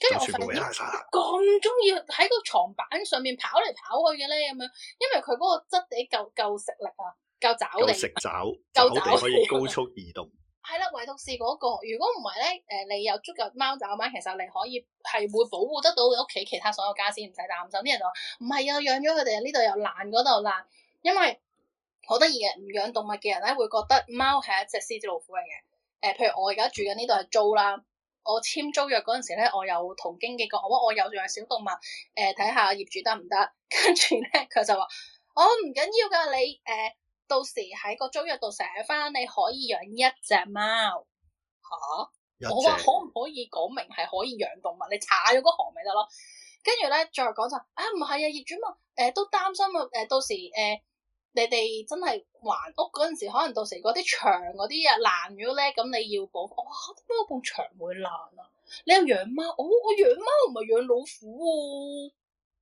跟住我份友咁中意喺個床板上面跑嚟跑去嘅咧，咁樣，因為佢嗰個質地夠夠食力啊，夠爪，爪，夠食爪，夠地可以高速移動。係啦，唯獨是、那、嗰個。如果唔係咧，誒，你有足夠貓爪咪，其實你可以係會保護得到你屋企其他所有家私，唔使擔心。啲人就話唔係啊，養咗佢哋啊，呢度又爛，嗰度爛。因為好得意嘅，唔養動物嘅人咧，會覺得貓係一隻獅子老虎嚟嘅。誒、呃，譬如我而家住緊呢度係租啦，我簽租約嗰陣時咧，我有同經紀講，我話我有養小動物，誒、呃，睇下業主得唔得？跟住咧，佢就話，哦，唔緊要㗎，你誒。呃到時喺個租約度寫翻你可以養一隻貓吓，啊、隻我話可唔可以講明係可以養動物？你查咗個行咪得咯。跟住咧，再講就啊，唔係啊業主嘛誒、呃、都擔心啊誒、呃、到時誒、呃、你哋真係還屋嗰陣時，可能到時嗰啲牆嗰啲啊爛咗咧，咁你要補哇，點解我部牆會爛啊？你有養貓、哦，我我養貓唔係養老虎、哦。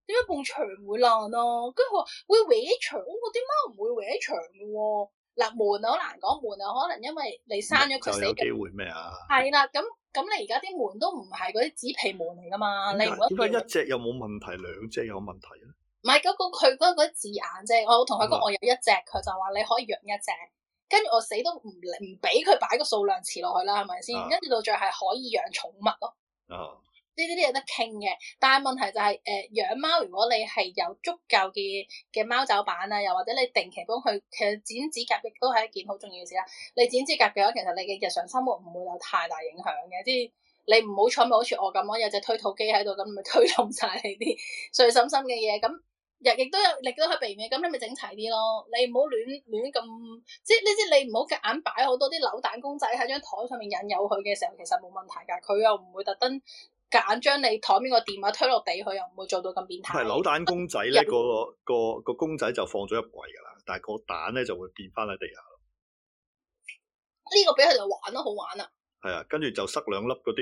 點解埲牆會爛咯、啊？跟住佢話會搲牆、啊，我啲貓唔會搲牆嘅。嗱，門好難講門啊，可能因為你閂咗佢死嘅。係機會咩啊？係啦，咁咁你而家啲門都唔係嗰啲紙皮門嚟噶嘛？你點解一隻有冇問題，兩隻有問題咧？唔係嗰個佢嗰個字眼啫。我同佢講我有一隻，佢、啊、就話你可以養一隻。跟住我死都唔唔俾佢擺個數量詞落去啦，係咪先？跟住到最後係可以養寵物咯。哦、啊。呢啲啲有得傾嘅，但係問題就係、是，誒、呃、養貓，如果你係有足夠嘅嘅貓爪板啊，又或者你定期幫佢，其實剪指甲亦都係一件好重要嘅事啦。你剪指甲嘅話，其實你嘅日常生活唔會有太大影響嘅。即係你唔好彩好似我咁樣有隻推土機喺度咁，咪推動晒你啲碎心心嘅嘢。咁日亦都有力，都去避免。咁你咪整齊啲咯。你唔好亂亂咁，即係呢啲你唔好夾硬擺好多啲扭蛋公仔喺張台上面引誘佢嘅時候，其實冇問題噶。佢又唔會特登。夾硬將你台面個電話推落地，佢又唔會做到咁變態。係、嗯、扭蛋公仔咧，嗯嗰個個，嗰個公仔就放咗入櫃噶啦，但係個蛋咧就會變翻喺地下。呢個俾佢就玩咯，好玩啊！係啊，跟住就塞兩粒嗰啲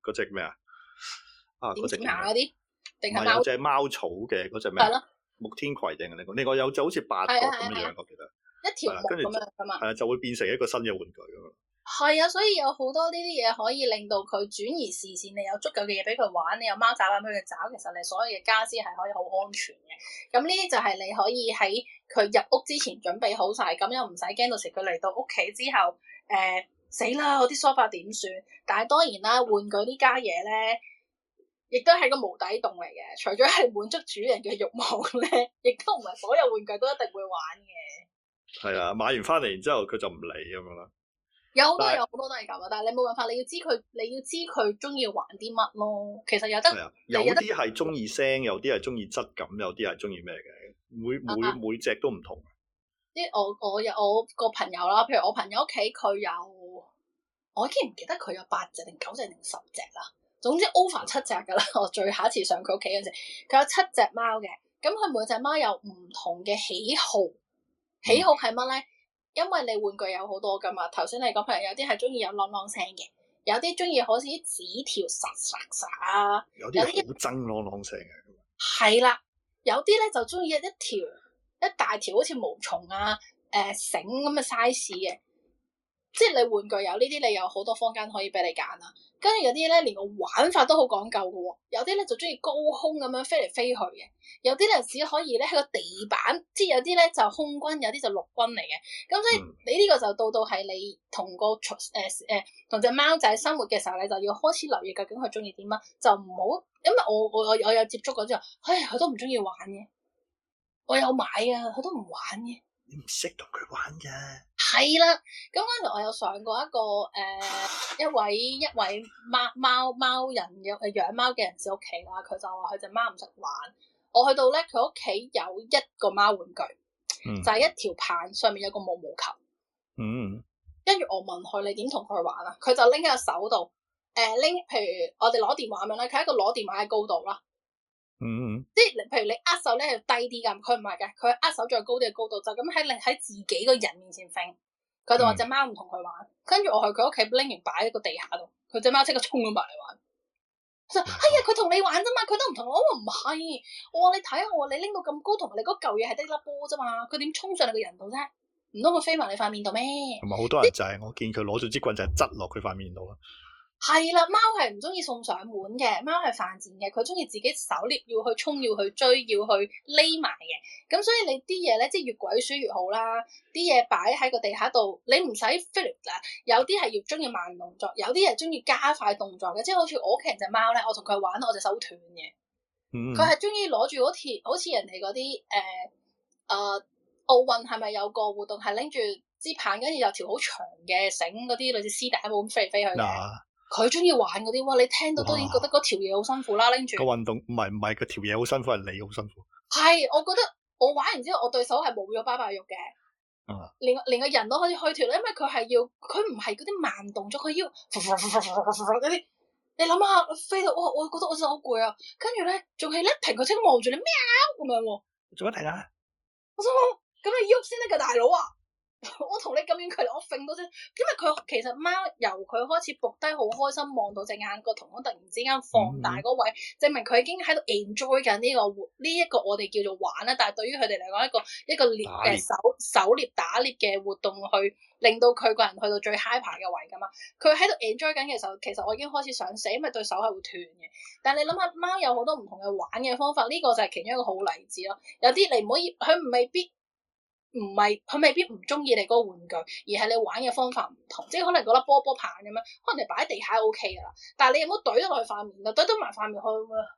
嗰隻咩啊？啊，嗰隻貓嗰啲，唔係，就係貓草嘅嗰隻咩？係咯，木天葵定係呢個？呢個有就好似八角咁樣樣，我記得一條咁樣噶嘛。係啊，就會變成一個新嘅玩具啊嘛。的係啊，所以有好多呢啲嘢可以令到佢轉移視線。你有足夠嘅嘢俾佢玩，你有貓爪啊咁樣俾佢爪，其實你所有嘅家私係可以好安全嘅。咁呢啲就係你可以喺佢入屋之前準備好晒，咁又唔使驚到時佢嚟到屋企之後，誒死啦！我啲梳化點算？但係當然啦，玩具呢家嘢咧，亦都係個無底洞嚟嘅。除咗係滿足主人嘅慾望咧，亦都唔係所有玩具都一定會玩嘅。係啊，買完翻嚟然之後佢就唔理咁樣啦。有好多有好多都係咁嘅，但係你冇辦法，你要知佢，你要知佢中意玩啲乜咯。其實有得有啲係中意聲，有啲係中意質感，有啲係中意咩嘅，每每的每隻都唔同。啲我我有我個朋友啦，譬如我朋友屋企佢有，我已經唔記得佢有八隻定九隻定十隻啦。總之 over 七隻噶啦。我最下一次上佢屋企嗰陣時，佢有七隻貓嘅。咁佢每隻貓有唔同嘅喜好，喜好係乜咧？嗯因為你玩具有好多噶嘛，頭先你講譬如有啲係中意有啷啷聲嘅，有啲中意好似啲紙條沙沙沙啊，有啲好憎啷啷聲嘅。係啦，有啲咧就中意一一條一大條好似毛蟲啊，誒繩咁嘅 size 嘅。即係你玩具有呢啲，你有好多坊間可以俾你揀啦。跟住有啲咧，連個玩法都好講究嘅。有啲咧就中意高空咁樣飛嚟飛去嘅，有啲咧只可以咧喺個地板。即係有啲咧就空軍，有啲就陸軍嚟嘅。咁所以你呢個就到到係你同個誒誒同隻貓仔生活嘅時候，你就要開始留意究竟佢中意點啊。就唔好，因為我我我我有接觸過之後，唉，佢都唔中意玩嘅。我有買啊，佢都唔玩嘅。你唔識同佢玩嘅，係啦。咁剛才我有上過一個誒、呃，一位一位貓貓貓人嘅，就係養貓嘅人士屋企啦，佢就話佢隻貓唔識玩。我去到咧，佢屋企有一個貓玩具，嗯、就係一條棒上面有個毛毛球。嗯。跟住我問佢：你點同佢玩啊？佢就拎喺個手度，誒，拎，譬如我哋攞電話咁樣，佢喺一個攞電話嘅高度啦。嗯，嗯，即係，例如你握手咧係低啲咁，佢唔係嘅，佢握手再高啲嘅高度就咁喺你喺自己個人面前揈。佢就話隻貓唔同佢玩，跟住我去佢屋企拎完擺喺個地下度，佢隻貓即刻衝咗埋嚟玩。就係、哎、呀，佢同你玩咋嘛，佢都唔同我，我唔係，我話你睇下我你，你拎到咁高同埋你嗰嚿嘢係低粒波咋嘛，佢點衝上你個人度啫？唔通佢飛埋你塊面度咩？同埋好多人就係、是、你我見佢攞咗支棍就係執落佢塊面度啦。係啦，貓係唔中意送上門嘅，貓係犯賤嘅，佢中意自己狩獵，要去衝，要去追，要去匿埋嘅。咁所以你啲嘢咧，即係越鬼鼠越好啦。啲嘢擺喺個地下度，你唔使飛嚟嗱。有啲係要中意慢動作，有啲係中意加快動作嘅。即係好似我屋企人隻貓咧，我同佢玩，我隻手斷嘅。佢係中意攞住嗰條，好似人哋嗰啲誒，啊、呃，奧運係咪有個活動係拎住支棒，跟住又條好長嘅繩，嗰啲類似絲帶咁飛嚟飛去嘅。啊佢中意玩嗰啲哇，你聽到當然覺得嗰條嘢好辛苦啦，拎住個運動唔係唔係，個條嘢好辛苦係你好辛苦係。我覺得我玩完之後，我對手係冇咗拜拜肉嘅、嗯，連連個人都可以虛脫啦。因為佢係要佢唔係嗰啲慢動作，佢腰，啲你諗下飛到哇，我覺得我手好攰啊。跟住咧仲係一停個車望住你喵咁樣喎，做乜停啊？我想咩咁你喐先得啦，大佬啊！ 我同你咁遠距離，我揈到隻，因為佢其實貓由佢開始伏低，好開心望到隻眼個瞳孔突然之間放大嗰位，證明佢已經喺度 enjoy 緊呢個活呢一個我哋叫做玩啦，但係對於佢哋嚟講一個一個獵誒狩狩獵打獵嘅活動去令到佢個人去到最 high 排嘅位㗎嘛，佢喺度 enjoy 緊嘅時候，其實我已經開始想死，因為對手係會斷嘅。但係你諗下，貓有好多唔同嘅玩嘅方法，呢、這個就係其中一個好例子咯。有啲你唔可以，佢未必。唔係佢未必唔，OK OK，啊、中意你嗰個玩具，而係你玩嘅方法唔同，即係可能嗰粒波波棒咁樣，可能你擺喺地下 O K 噶啦。但係你有冇懟到落去塊面度，懟到埋塊面去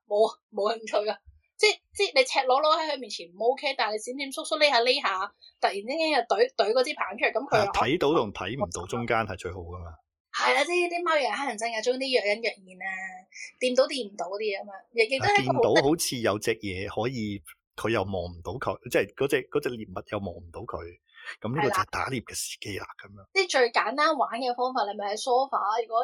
冇冇興趣噶？即係即係你赤裸裸喺佢面前唔 O K，但係你閃閃縮縮匿下匿下，突然之間又懟懟嗰支棒出嚟，咁佢睇到同睇唔到中間係最好噶嘛？係啦，即係啲貓又係黑人憎嘅，中啲若隱若現啊，掂到掂唔到啲嘢啊嘛，亦亦真係見到好似有隻嘢可以。佢又望唔到佢，即係嗰隻隻獵物又望唔到佢，咁呢個就打獵嘅時機啦。咁樣即係最簡單玩嘅方法，你咪喺 sofa。如果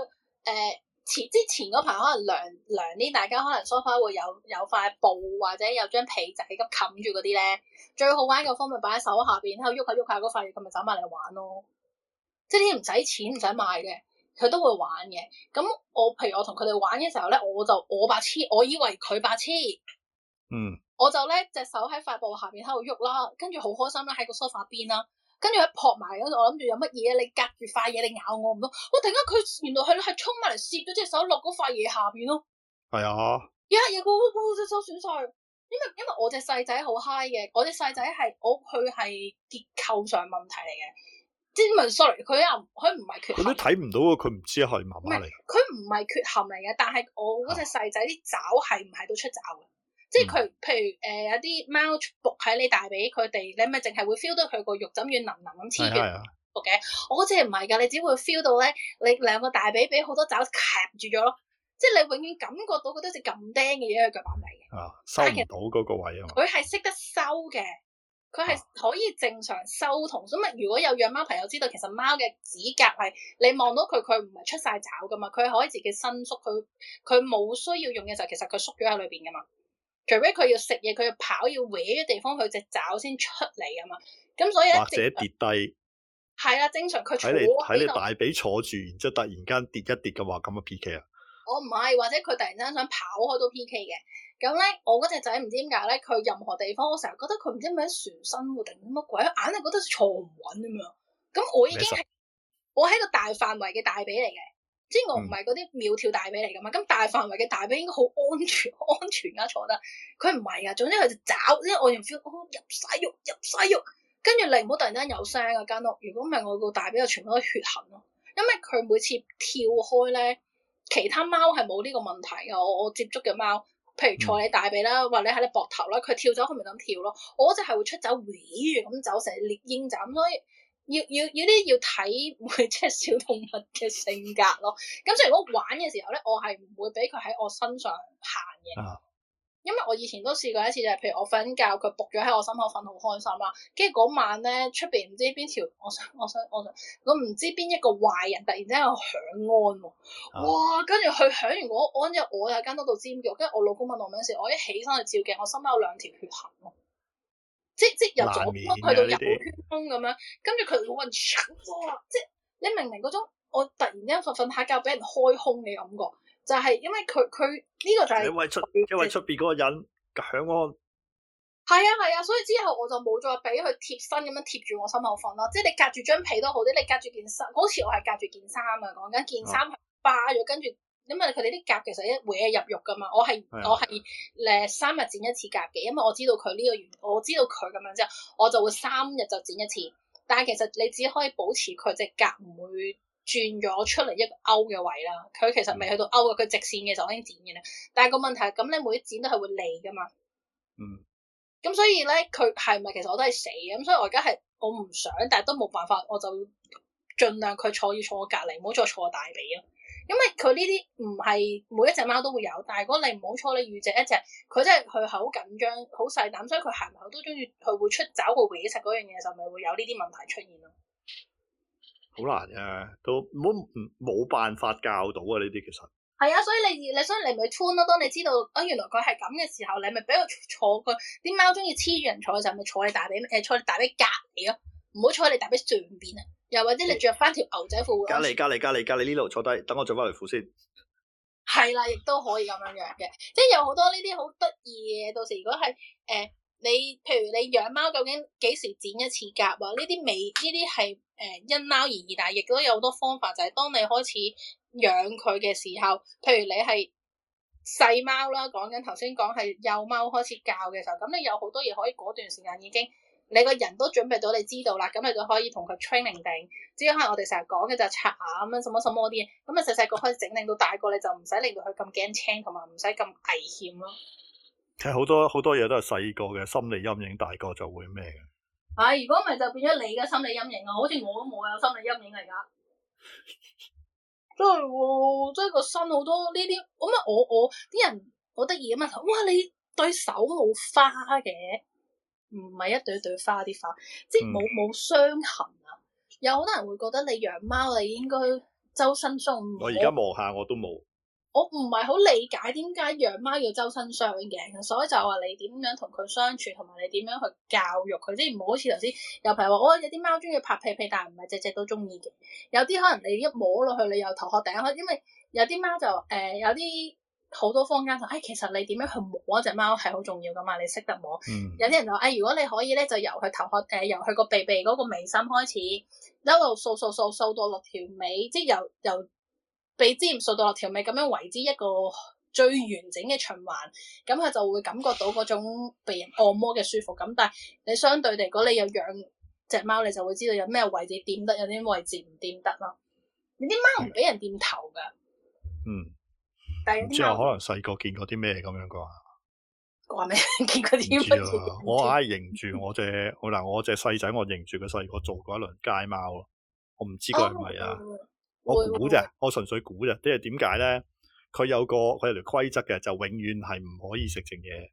誒前之前嗰排可能涼涼啲，大家可能 sofa 會有有塊布或者有張被仔咁冚住嗰啲咧，最好玩嘅方法擺喺手下邊，然後喐下喐下嗰塊，佢咪走埋嚟玩咯。即係啲唔使錢唔使買嘅，佢都會玩嘅。咁我譬如我同佢哋玩嘅時候咧，我就我白痴，我以為佢白痴，嗯。我就咧隻手喺塊布下邊喺度喐啦，跟住好開心啦，喺個梳 o f 邊啦，跟住一撲埋嗰度，我諗住有乜嘢你隔住塊嘢，你咬我唔得。我突然間佢原來係係衝埋嚟攝咗隻手落嗰塊嘢下邊咯。係啊，嘢嘢個個隻手損晒，因為因為我隻細仔好嗨嘅，我隻細仔係我佢係結構上問題嚟嘅。即係唔 sorry，佢又佢唔係缺陷。佢都睇唔到佢唔知係唔係嚟。佢唔係缺陷嚟嘅，但係我嗰隻細仔啲爪係唔喺到出爪即係佢，譬如誒、呃、有啲貓伏喺你大髀，佢哋你咪淨係會 feel 到佢個肉枕軟腍腍咁黐住嘅。我好似唔係㗎，你只會 feel 到咧，你兩個大髀俾好多爪夾住咗咯。即係你永遠感覺到佢都隻咁釘嘅嘢喺腳板尾。這個、啊，收唔到嗰個位啊！佢係識得收嘅，佢係可以正常收同。咁咪如果有養貓朋友知道，其實貓嘅指甲係你望到佢，佢唔係出晒爪噶嘛。佢可以自己伸縮，佢佢冇需要用嘅就其實佢縮咗喺裏邊噶嘛。除非佢要食嘢，佢要跑，要搵嘅地方，佢隻爪先出嚟啊嘛。咁所以或者跌低，係啦、呃。正常佢坐喺你大髀坐住，然之後突然間跌一跌嘅話，咁啊 P K 啊。我唔係，或者佢突然間想跑開都 P K 嘅。咁咧，我嗰隻仔唔知點解咧，佢任何地方，我成日覺得佢唔知咪喺全身喎，定乜鬼，硬係覺得坐唔穩咁樣。咁我已經，我喺個大範圍嘅大髀嚟嘅。即係我唔係嗰啲苗條大髀嚟㗎嘛，咁大範圍嘅大髀應該好安全，安全㗎、啊、坐得。佢唔係啊，總之佢就爪，即係我用 feel、哦、入晒肉，入晒肉。跟住你唔好突然間有聲啊，間屋，如果唔係我個大髀就全部都血痕咯、啊。因為佢每次跳開咧，其他貓係冇呢個問題㗎。我我接觸嘅貓，譬如坐你大髀啦，或者你喺你膊頭啦，佢跳走佢咪咁跳咯。我只係會出走，飛咁走成列鷹展，所以。要要要啲要睇，每隻小動物嘅性格咯。咁所以如果玩嘅時候咧，我係唔會俾佢喺我身上行嘅，因為我以前都試過一次，就係譬如我瞓覺，佢仆咗喺我心口瞓好開心啦。跟住嗰晚咧，出邊唔知邊條，我想我想我想，我唔知邊一個壞人突然之間響安喎，哇！跟住佢響完嗰安之後，我又跟屋度尖叫，跟住我老公問我咩事，我一起身去照鏡，我心口有兩條血痕咯。即即由左胸，去到右胸咁樣，跟住佢溫，哇！即你明明嗰種，我突然間瞓瞓下覺俾人開胸嘅感覺，就係、是、因為佢佢呢個就係、是、因為出因為出邊嗰個人響安，係啊係啊，所以之後我就冇再俾佢貼身咁樣貼住我心口瞓啦。即你隔住張被都好啲，你隔住件衫，好似我係隔住件衫啊，講緊件衫係霸咗，嗯、跟住。因為佢哋啲甲其實一搲入肉噶嘛，我係我係誒的三日剪一次甲嘅，因為我知道佢呢個原，我知道佢咁樣之後，我就會三日就剪一次。但係其實你只可以保持佢隻甲唔會轉咗出嚟一個勾嘅位啦。佢其實未去到勾嘅，佢直線嘅時候已經剪嘅啦。但係個問題係咁，你每一剪都係會裂噶嘛。嗯。咁所以咧，佢係咪其實我都係死嘅咁，所以我而家係我唔想，但係都冇辦法，我就盡量佢坐要坐我隔籬，唔好再坐我大髀啊。因為佢呢啲唔係每一隻貓都會有，但係如果你唔好錯你遇隻一隻，佢真係佢係好緊張，好細膽，所以佢行路都中意佢會出爪個尾食嗰樣嘢，就咪會有呢啲問題出現咯。好難啊，都冇冇辦法教到啊呢啲其實。係啊，所以你你所以你咪 turn 咯，當你知道啊原來佢係咁嘅時候，你咪俾佢坐佢啲貓中意黐住人坐嘅時候，咪坐喺大髀誒坐大髀隔籬咯，唔好坐喺你大髀上、呃、邊啊。又或者你着翻條牛仔褲？隔籬隔籬隔籬隔籬呢度坐低，等我着翻條褲先。係啦，亦都可以咁樣樣嘅，即係有好多呢啲好得意嘅。到時如果係誒、呃，你譬如你養貓，究竟幾時剪一次甲啊？呢啲尾呢啲係誒因貓而異，但係亦都有好多方法，就係、是、當你開始養佢嘅時候，譬如你係細貓啦，講緊頭先講係幼貓開始教嘅時候，咁你有好多嘢可以嗰段時間已經。你個人都準備到，你知道啦，咁你就可以同佢 training 定。只可能我哋成日講嘅就係刷牙咁樣，什麼什麼啲嘢，咁啊細細個開始整定到大個，你就唔使令到佢咁驚青，同埋唔使咁危險咯。其實好多好多嘢都係細個嘅心理陰影，大個就會咩嘅。啊、哎，如果唔係就變咗你嘅心理陰影啊，好似我都冇有心理陰影嚟噶、 哦。真係喎，真係個身好多呢啲，咁啊我我啲人好得意啊嘛，哇你對手好花嘅。唔係一朵朵花啲花，即係冇冇傷痕啊！有好多人會覺得你養貓，你應該周身傷。我而家摸下我都冇。我唔係好理解點解養貓要周身傷嘅，所以就話你點樣同佢相處，同埋你點樣去教育佢，即係唔好好似頭先有朋友話，我有啲貓中意拍屁屁，但係唔係隻隻都中意嘅。有啲可能你一摸落去，你又頭殼頂開，因為有啲貓就誒、呃、有啲。好多坊間就誒、哎，其實你點樣去摸一隻貓係好重要㗎嘛，你識得摸。嗯、有啲人就誒、哎，如果你可以咧，就由佢頭殼誒、呃，由佢個鼻鼻嗰個眉心開始，一路掃掃掃掃到落條尾，即係由由鼻尖掃到落條尾，咁樣為之一個最完整嘅循環，咁佢就會感覺到嗰種被人按摩嘅舒服。咁但係你相對嚟講，你有養隻貓，你就會知道有咩位置掂得，有啲位置唔掂得咯。你啲貓唔俾人掂頭㗎。嗯。之後可能細個見過啲咩咁樣啩？話未 見過啲咩？我硬係認住我隻，嗱我隻細仔，我認住佢細個做過一輪街貓啊！我唔知佢係咪啊？我估啫，我純粹估啫。因為點解咧？佢有個佢有條規則嘅，就永遠係唔可以食剩嘢、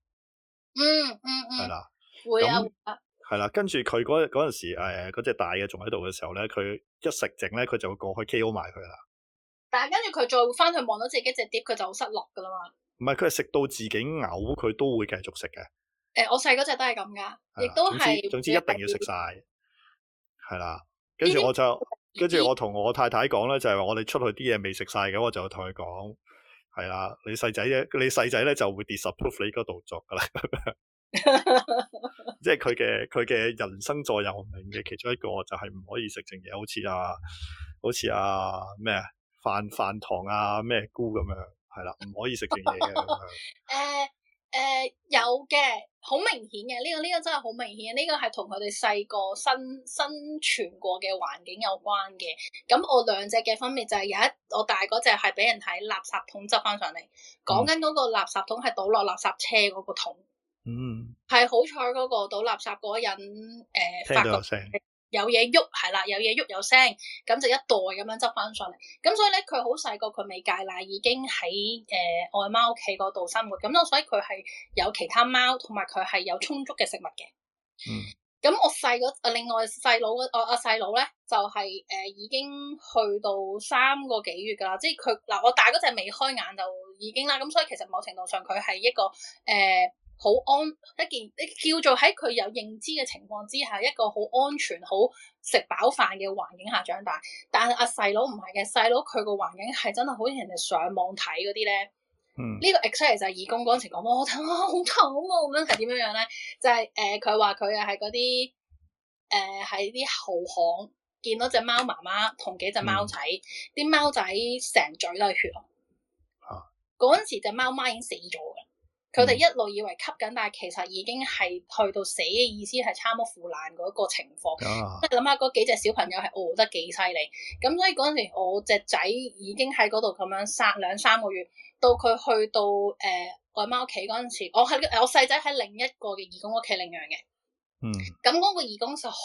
嗯。嗯嗯嗯。係啦，會啊，係啦。跟住佢嗰嗰陣時，誒，嗰隻大嘅仲喺度嘅時候咧，佢、呃、一食剩咧，佢就會過去 K.O. 埋佢啦。但係跟住佢再翻去望到自己隻碟，佢就好失落噶啦嘛。唔係，佢係食到自己嘔，佢都會繼續食嘅。誒，我細嗰隻都係咁噶，都係總，總之一定要食晒。係啦這，的我跟住我、就是、我，我就跟住我同我太太講咧，就係話我哋出去啲嘢未食晒嘅，我就同佢講，係啦，你細仔咧，你細仔咧就會 disapprove 你個動作噶啦。 即係佢嘅佢嘅人生座右銘嘅其中一個就係唔可以食剩嘢，好似啊，好似啊咩。飯飯堂啊咩菇咁樣，係啦，唔可以食完嘢嘅咁樣。誒誒，有嘅，好明顯嘅。呢個呢個真係好明顯嘅。呢個係同佢哋細個生生存過嘅環境有關嘅。咁我兩隻嘅分別就係有一我大嗰隻係俾人喺垃圾桶執翻上嚟，講緊嗰個垃圾桶係倒落垃圾車嗰個桶。嗯，係好彩嗰個倒垃圾嗰人誒、呃、聽到聲。有嘢喐，係啦，有嘢喐，有聲，咁就一袋咁樣執翻上嚟。咁所以咧，佢好細個，佢未戒奶，已經喺誒外貓屋企嗰度生活。咁所以佢係有其他貓，同埋佢係有充足嘅食物嘅。嗯。咁我細個，另外細佬，我阿細佬咧就係、是、誒、呃、已經去到三個幾月噶啦。即係佢嗱，我大嗰隻未開眼就已經啦。咁所以其實某程度上佢係一個誒。呃好安一件，叫做喺佢有認知嘅情況之下，一個好安全、好食飽飯嘅環境下長大。但係阿細佬唔係嘅，細佬佢個環境係真係好似人哋上網睇嗰啲咧。呢、嗯、個 exactly、er、就係義工嗰陣時講，我覺得好恐怖咁，係點樣樣咧？就係、是、誒，佢話佢又係嗰啲誒喺啲後巷見到隻貓媽媽同幾隻貓仔，啲、嗯、貓仔成嘴都係血啊！嗰陣時隻貓媽已經死咗嘅。佢哋一路以為吸緊，但係其實已經係去到死嘅意思，係差唔多腐爛嗰個情況。諗下嗰幾隻小朋友係餓得幾犀利，咁所以嗰陣時我隻仔已經喺嗰度咁樣生兩三個月，到佢去到誒愛、呃、貓屋企嗰陣時，我係我細仔喺另一個嘅義工屋企領養嘅。嗯，咁嗰個義工就好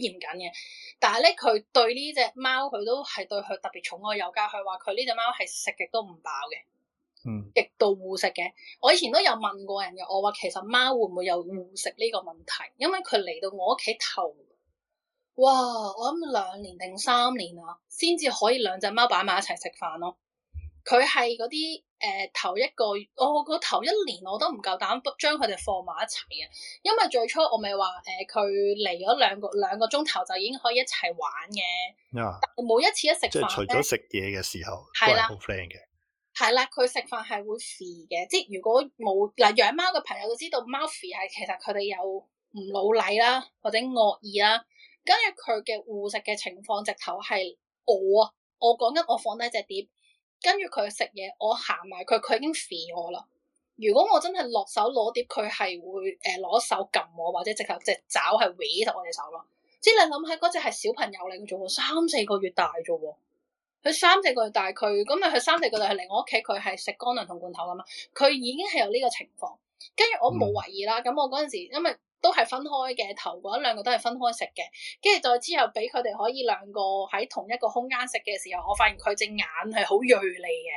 嚴謹嘅，但係咧佢對呢隻貓佢都係對佢特別寵愛有加，佢話佢呢隻貓係食極都唔飽嘅。嗯，極度護食嘅，我以前都有問過人嘅，我話其實貓會唔會有護食呢個問題？因為佢嚟到我屋企頭，哇！我諗兩年定三年啊，先至可以兩隻貓擺埋一齊食飯咯。佢係嗰啲誒頭一個月，我、哦、個頭一年我都唔夠膽將佢哋放埋一齊嘅，因為最初我咪話誒，佢嚟咗兩個兩個鐘頭就已經可以一齊玩嘅。啊，但每一次一食飯，即除咗食嘢嘅時候，係啦，好 friend 嘅。係啦，佢食飯係會肥嘅，即係如果冇嗱養貓嘅朋友都知道，貓肥係其實佢哋有唔老禮啦，或者惡意啦。跟住佢嘅護食嘅情況直頭係我，我講緊我放低隻碟，跟住佢食嘢，我行埋佢，佢已經肥我啦。如果我真係落手攞碟，佢係會誒攞、呃、手撳我，或者直頭隻爪係搲我隻手咯。即係你諗下，嗰隻係小朋友嚟嘅啫喎，三四個月大啫喎。佢三四個月，但大佢咁啊，佢三四個月就係嚟我屋企，佢係食乾糧同罐頭噶嘛。佢已經係有呢個情況，跟住我冇懷疑啦。咁我嗰陣時，因為都係分開嘅，頭嗰一兩個都係分開食嘅，跟住再之後俾佢哋可以兩個喺同一個空間食嘅時候，我發現佢隻眼係好銳利嘅，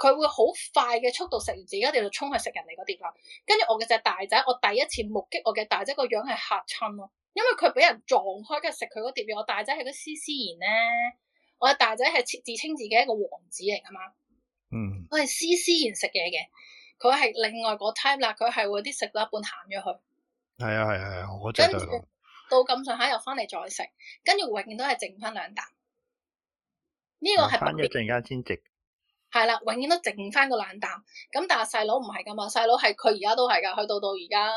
佢會好快嘅速度食完自己，一定要衝去食人哋個碟啦。跟住我嘅隻大仔，我第一次目擊我嘅大仔個樣係嚇親咯，因為佢俾人撞開，跟住食佢嗰碟，我大仔係個斯斯然咧。我大仔係自稱自己一個王子嚟㗎嘛，嗯嗯，嗯，我係斯斯然食嘢嘅，佢係另外個 time 啦，佢係會啲食到一半行咗去，係啊係啊係啊，我知啦，到咁上下又翻嚟再食，跟住永遠都係剩翻兩啖，呢、這個係、啊，翻一陣間先食，係啦，永遠都剩翻個兩啖，咁但係細佬唔係噶嘛，細佬係佢而家都係噶，去到到而家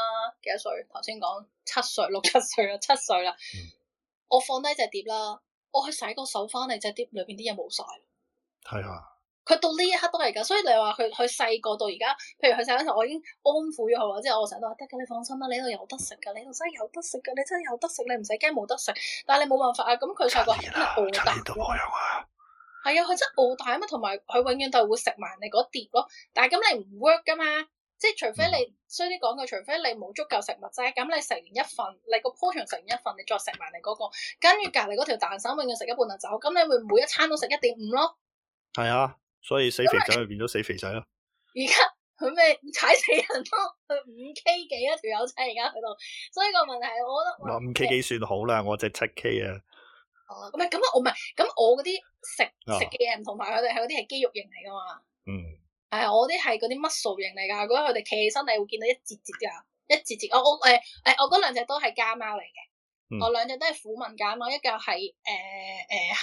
幾多歲？頭先講七歲六七歲啦，七歲啦，歲歲歲嗯、我放低隻碟啦。我去、哦、洗個手翻嚟，隻碟裏邊啲嘢冇晒，係啊，佢到呢一刻都係噶，所以你話佢佢細個到而家，譬如佢細嗰時，我已經安撫咗佢嘛，之後我成日都話得噶，你放心啦，你度有得食噶，你度真係有得食噶，你真係有得食，你唔使驚冇得食，但係你冇辦法啊，咁佢細個係真係好大，係啊，係啊，佢真係好大啊嘛，同埋佢永遠都係會食埋你嗰碟咯，但係咁你唔 work 噶嘛。即係除非你，雖然講嘅，除非你冇足夠食物啫。咁、嗯、你食完一份，你個 portion 食完一份，你再食埋你嗰個，跟住隔籬嗰條蛋散永遠食一半就走，咁你會每一餐都食一點五咯。係啊、嗯，嗯、所以死肥仔就變咗死肥仔咯。而家佢咪踩死人咯？佢五 K 幾啊條友仔而家喺度，所以個問題係我覺得，我覺得我。五、嗯、K 幾算好啦，我隻七 K 啊。哦、嗯，咁啊咁啊，那我唔係，咁我嗰啲食食嘅人同埋佢哋係嗰啲係肌肉型嚟噶嘛。嗯。係、哎，我啲係嗰啲乜獸型嚟噶，嗰日佢哋企起身，你會見到一節節噶，一節節、哦哎哎。我兩隻、嗯、我誒誒，我兩隻都係家貓嚟嘅，我兩隻都係虎紋家貓，一隻係誒誒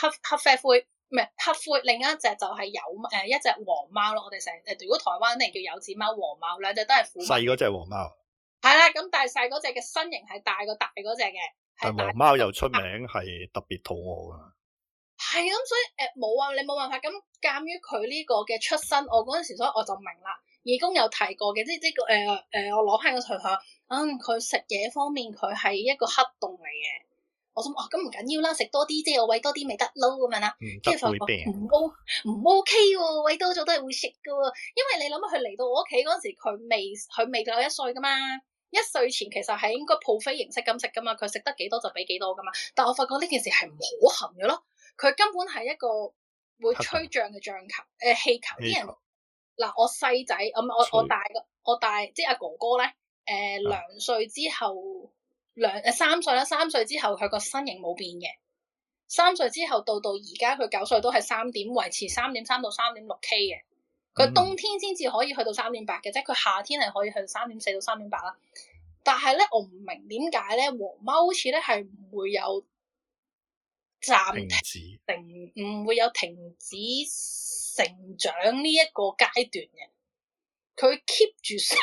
黑黑啡灰，唔係黑灰，另一隻就係有誒、呃、一隻黃貓咯。我哋成日，如果台灣人叫有子貓、黃貓，兩隻都係虎。細嗰隻黃貓。係啦，咁大細嗰隻嘅身形係大過大嗰隻嘅。但黃貓又出名係特別肚餓噶。係咁，所以誒冇、呃、啊，你冇辦法。咁鑑於佢呢個嘅出身，我嗰陣時所以我就明啦。義工有提過嘅，即即誒誒、呃呃，我攞翻個佢嚇。嗯，佢食嘢方面，佢係一個黑洞嚟嘅。我諗啊，咁、哦、唔緊要啦，食多啲即係我餵多啲咪得咯，咁樣啦。即會變啊？唔 O 唔 OK 喎？餵多咗都係會食噶喎。因為你諗下，佢嚟到我屋企嗰陣時，佢未佢未夠一歲噶嘛。一歲前其實係應該抱 o 形式咁食噶嘛。佢食得幾多就俾幾多噶嘛。但我發覺呢件事係唔可行嘅咯。佢根本係一個會吹脹嘅脹球，誒、呃、氣球。啲球人嗱，我細仔咁，我、啊、以我大個，我大即係阿哥哥咧。誒、呃，兩歲之後兩誒三歲啦，三歲之後佢個身形冇變嘅。三歲之後到到而家佢九歲都係三點，維持三點三到三點六 K 嘅。佢冬天先至可以去到三點八嘅，即係佢夏天係可以去到三點四到三點八啦。但係咧，我唔明點解咧，黃貓好似咧係唔會有。停定唔會有停止成長呢一個階段嘅。佢 keep 住上，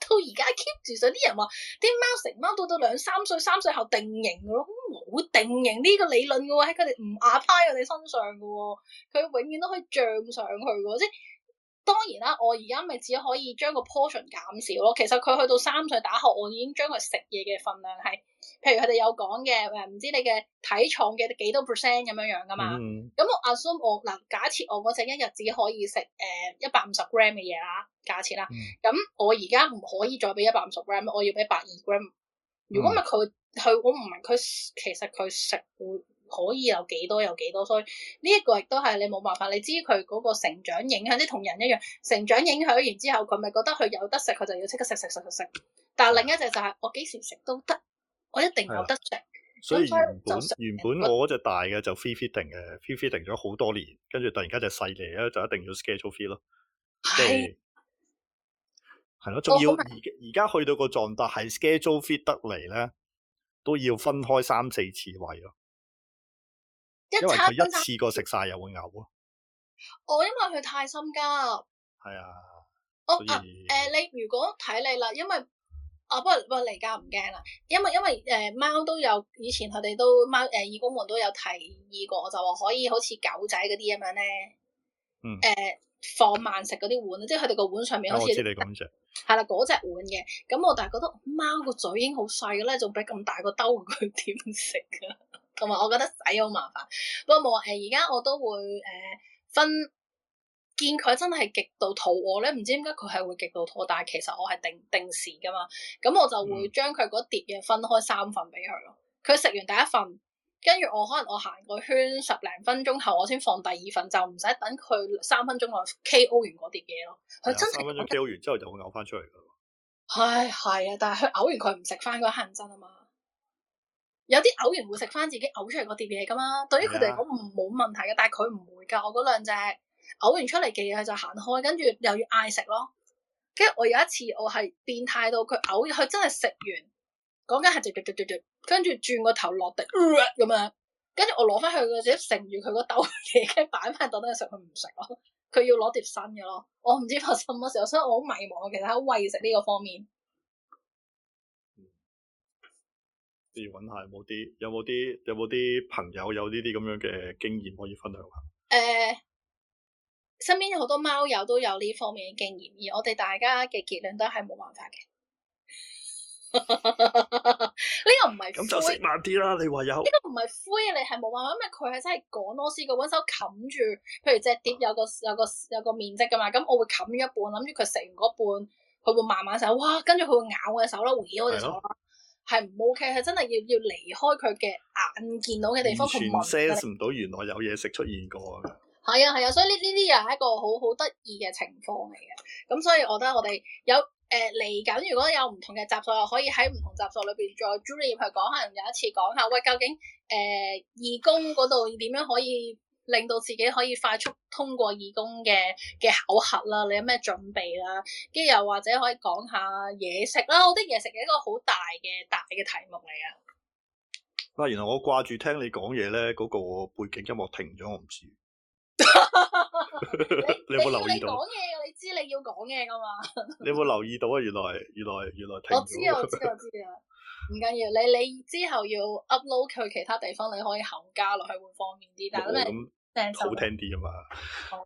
到而家 keep 住上，啲人話啲貓成貓到到兩三歲，三歲後定型咯。冇定型呢個理論嘅喎，喺佢哋唔亞趴喺我哋身上嘅喎，佢永遠都可以漲上去嘅，即係。當然啦，我而家咪只可以將個 portion 減少咯。其實佢去到三歲打學，我已經將佢食嘢嘅份量係，譬如佢哋有講嘅，唔知你嘅體重嘅幾多 percent 咁樣樣噶嘛。咁我 assume 我嗱，假設我嗰隻一日只可以食誒一百五十 gram 嘅嘢啦，假設啦。咁我而家唔可以再俾一百五十 gram，我要俾一百二 gram。如果咪佢佢我唔明佢其實佢食會。可以有幾多有幾多，所以呢一個亦都係你冇辦法。你知佢嗰個成長影響，即同人一樣成長影響。然之後佢咪覺得佢有得食，佢就要即刻食食食食食。但係另一隻就係、是、的我幾時食都得，我一定有得食。的所以原本，以原本我嗰隻大嘅就 free feeding 嘅，free feeding 咗好多年，跟住突然間就細嚟咧，就一定要 schedule feed 咯。係係咯，仲要而而家去到個壯大係 schedule feed 得嚟咧，都要分開三四次餵咯。一餐因為佢一次過食晒又會嘔咯。我因為佢太心急。係、哦、以啊。我、呃、誒，你如果睇你啦，因為啊，不過不過你而家唔驚啦。因為因為誒，貓、呃、都有以前佢哋都貓誒，義工、呃、們都有提議過，就話可以好似狗仔嗰啲咁樣咧。誒、呃，嗯、放慢食嗰啲碗，即係佢哋個碗上面好、哦。我知你講隻。係啦，嗰、那、隻、個、碗嘅。咁我但係覺得貓個嘴已經好細嘅咧，仲俾咁大個兜佢點食啊？同埋我覺得洗好麻煩，不過冇話。誒，而家我都會誒、呃、分見佢真係極度肚餓咧，唔知點解佢係會極度肚餓，但係其實我係定定時噶嘛。咁我就會將佢嗰碟嘢分開三份俾佢咯。佢食、嗯、完第一份，跟住我可能我行個圈十零分鐘後，我先放第二份，就唔使等佢三分鐘我 K.O. 完嗰碟嘢咯。佢的真係三分鐘 K.O. 完之後就會咬翻出嚟嘅。係係啊，但係佢咬完佢唔食翻嗰杏真啊嘛。有啲嘔完會食翻自己嘔出嚟嗰碟嘢噶嘛？對於佢哋嚟講唔冇問題嘅，但係佢唔會㗎。我嗰兩隻嘔完出嚟嘅嘢佢就行開，跟住又要嗌食咯。跟住我有一次我係變態到佢嘔，佢真係食完，講緊係直嚼嚼嚼嚼，跟住轉個頭落地咁、呃、樣，跟住我攞翻去嗰啲剩餘佢個豆嘢，跟擺翻度等佢食，佢唔食咯。佢要攞碟新嘅咯。我唔知發生乜事，所以我好迷茫。其實喺餵食呢個方面。試揾下有冇啲，有冇啲，有冇啲朋友有呢啲咁樣嘅經驗可以分享下。誒、呃，身邊有好多貓友都有呢方面嘅經驗，而我哋大家嘅結論都係冇辦法嘅。呢 個唔係咁就食慢啲啦。你話有呢個唔係灰啊？你係冇辦法，因為佢係真係趕囉，我試過，搵手冚住，譬如隻碟有個有個有個面積噶嘛，咁我會冚一半，諗住佢食完嗰半，佢會慢慢食。哇，跟住佢會咬我隻手啦，搣我隻手係唔 OK，係真係要要離開佢嘅眼見到嘅地方，佢 sense 唔到原來有嘢食出現過嘅。係啊，係啊，所以呢呢啲又係一個好好得意嘅情況嚟嘅。咁所以我覺得我哋有誒嚟緊，呃、如果有唔同嘅集數，可以喺唔同集數裏邊再 Julie 去講，可能有一次講下喂，究竟誒、呃、義工嗰度點樣可以？令到自己可以快速通過義工嘅嘅考核啦，你有咩準備啦？跟住又或者可以講下嘢食啦，我覺得嘢食係一個好大嘅大嘅題目嚟噶。啊，原來我掛住聽你講嘢咧，嗰、嗰個背景音樂停咗，我唔知。你有冇留意到 你你講嘢㗎，你知你要講嘢㗎嘛？ 你有冇留意到啊？原來原來原來停咗。我知我知我知啊，唔緊要。你你之後要 upload 佢其他地方，你可以後加落去會方便啲，但係咁。我 好聽啲啊嘛，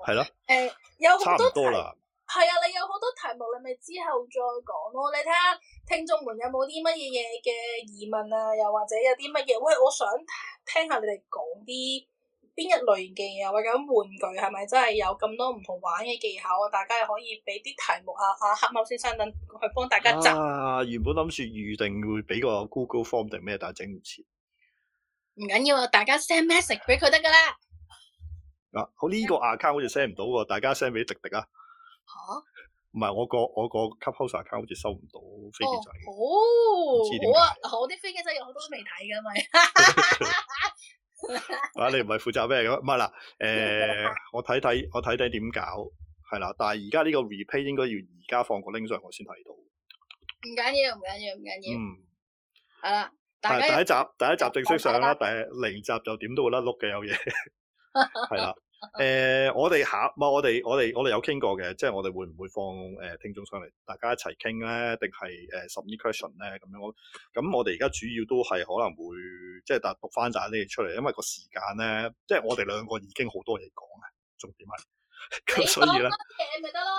係咯、哦。誒的、欸,有好多差唔多啦。係啊,你有好多題目，你咪之後再講咯。你睇下聽眾們有冇啲乜嘢嘢嘅疑問啊？又或者有啲乜嘢？喂，我想聽下你哋講啲邊一類型嘅嘢，或者玩具係咪真係有咁多唔同玩嘅技巧啊？大家又可以俾啲題目啊啊，黑貓先生等去幫大家啊，原本諗住預定會俾個 Google Form 定咩，但係整唔切。唔緊要啊，大家 send message 俾佢得噶啦。嗱，好呢、呢個 account 好似 send 唔到喎，大家 send 俾廸廸啊。吓，唔係我個我個 Cuphouse account 好似收唔到飛機仔。哦，好，好啊，好，啲飛機仔有好多未睇㗎咪。啊， 你唔係負責咩嘅？唔係啦，誒，我睇睇，我睇睇點搞，係啦。但係而家呢個 replay 應該要而家放個 link 上我先睇到。唔緊、嗯、要，唔緊要，唔緊要。嗯，係啦。但係第一集，第一集正式上啦。第零集就點都會甩碌嘅有嘢。係啦，誒、 呃，我哋下，唔係我哋，我哋，我哋有傾過嘅，即係我哋會唔會放誒、呃、聽眾上嚟，大家一齊傾咧，定係誒問啲 question 咧咁樣？咁我哋而家主要都係可能會，即係讀翻晒啲嘢出嚟，因為個時間咧，即係我哋兩個已經好多嘢講嘅，重點係？咁 所以咧，咪得咯。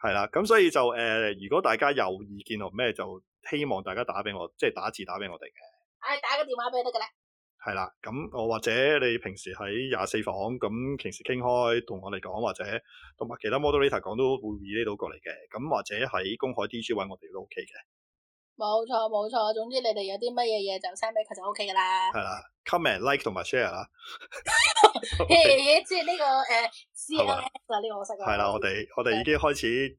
係啦，咁所以就誒、呃，如果大家有意見或咩，就希望大家打俾我，即係打字打俾我哋嘅。哎，打個電話俾得噶啦。係啦，咁我或者你平時喺廿四房咁，平時傾開同我哋講，或者同埋其他 modeler 講，都會以呢度過嚟嘅。咁或者喺公海 DJ 位，我哋都 OK 嘅。冇錯冇錯，總之你哋有啲乜嘢嘢就 send 俾佢就 OK 噶啦。係啦，comment like 同埋 share 啦。即係呢個誒 COS, 吧 啊，呢個的的我識。係啦，我哋我哋已經開始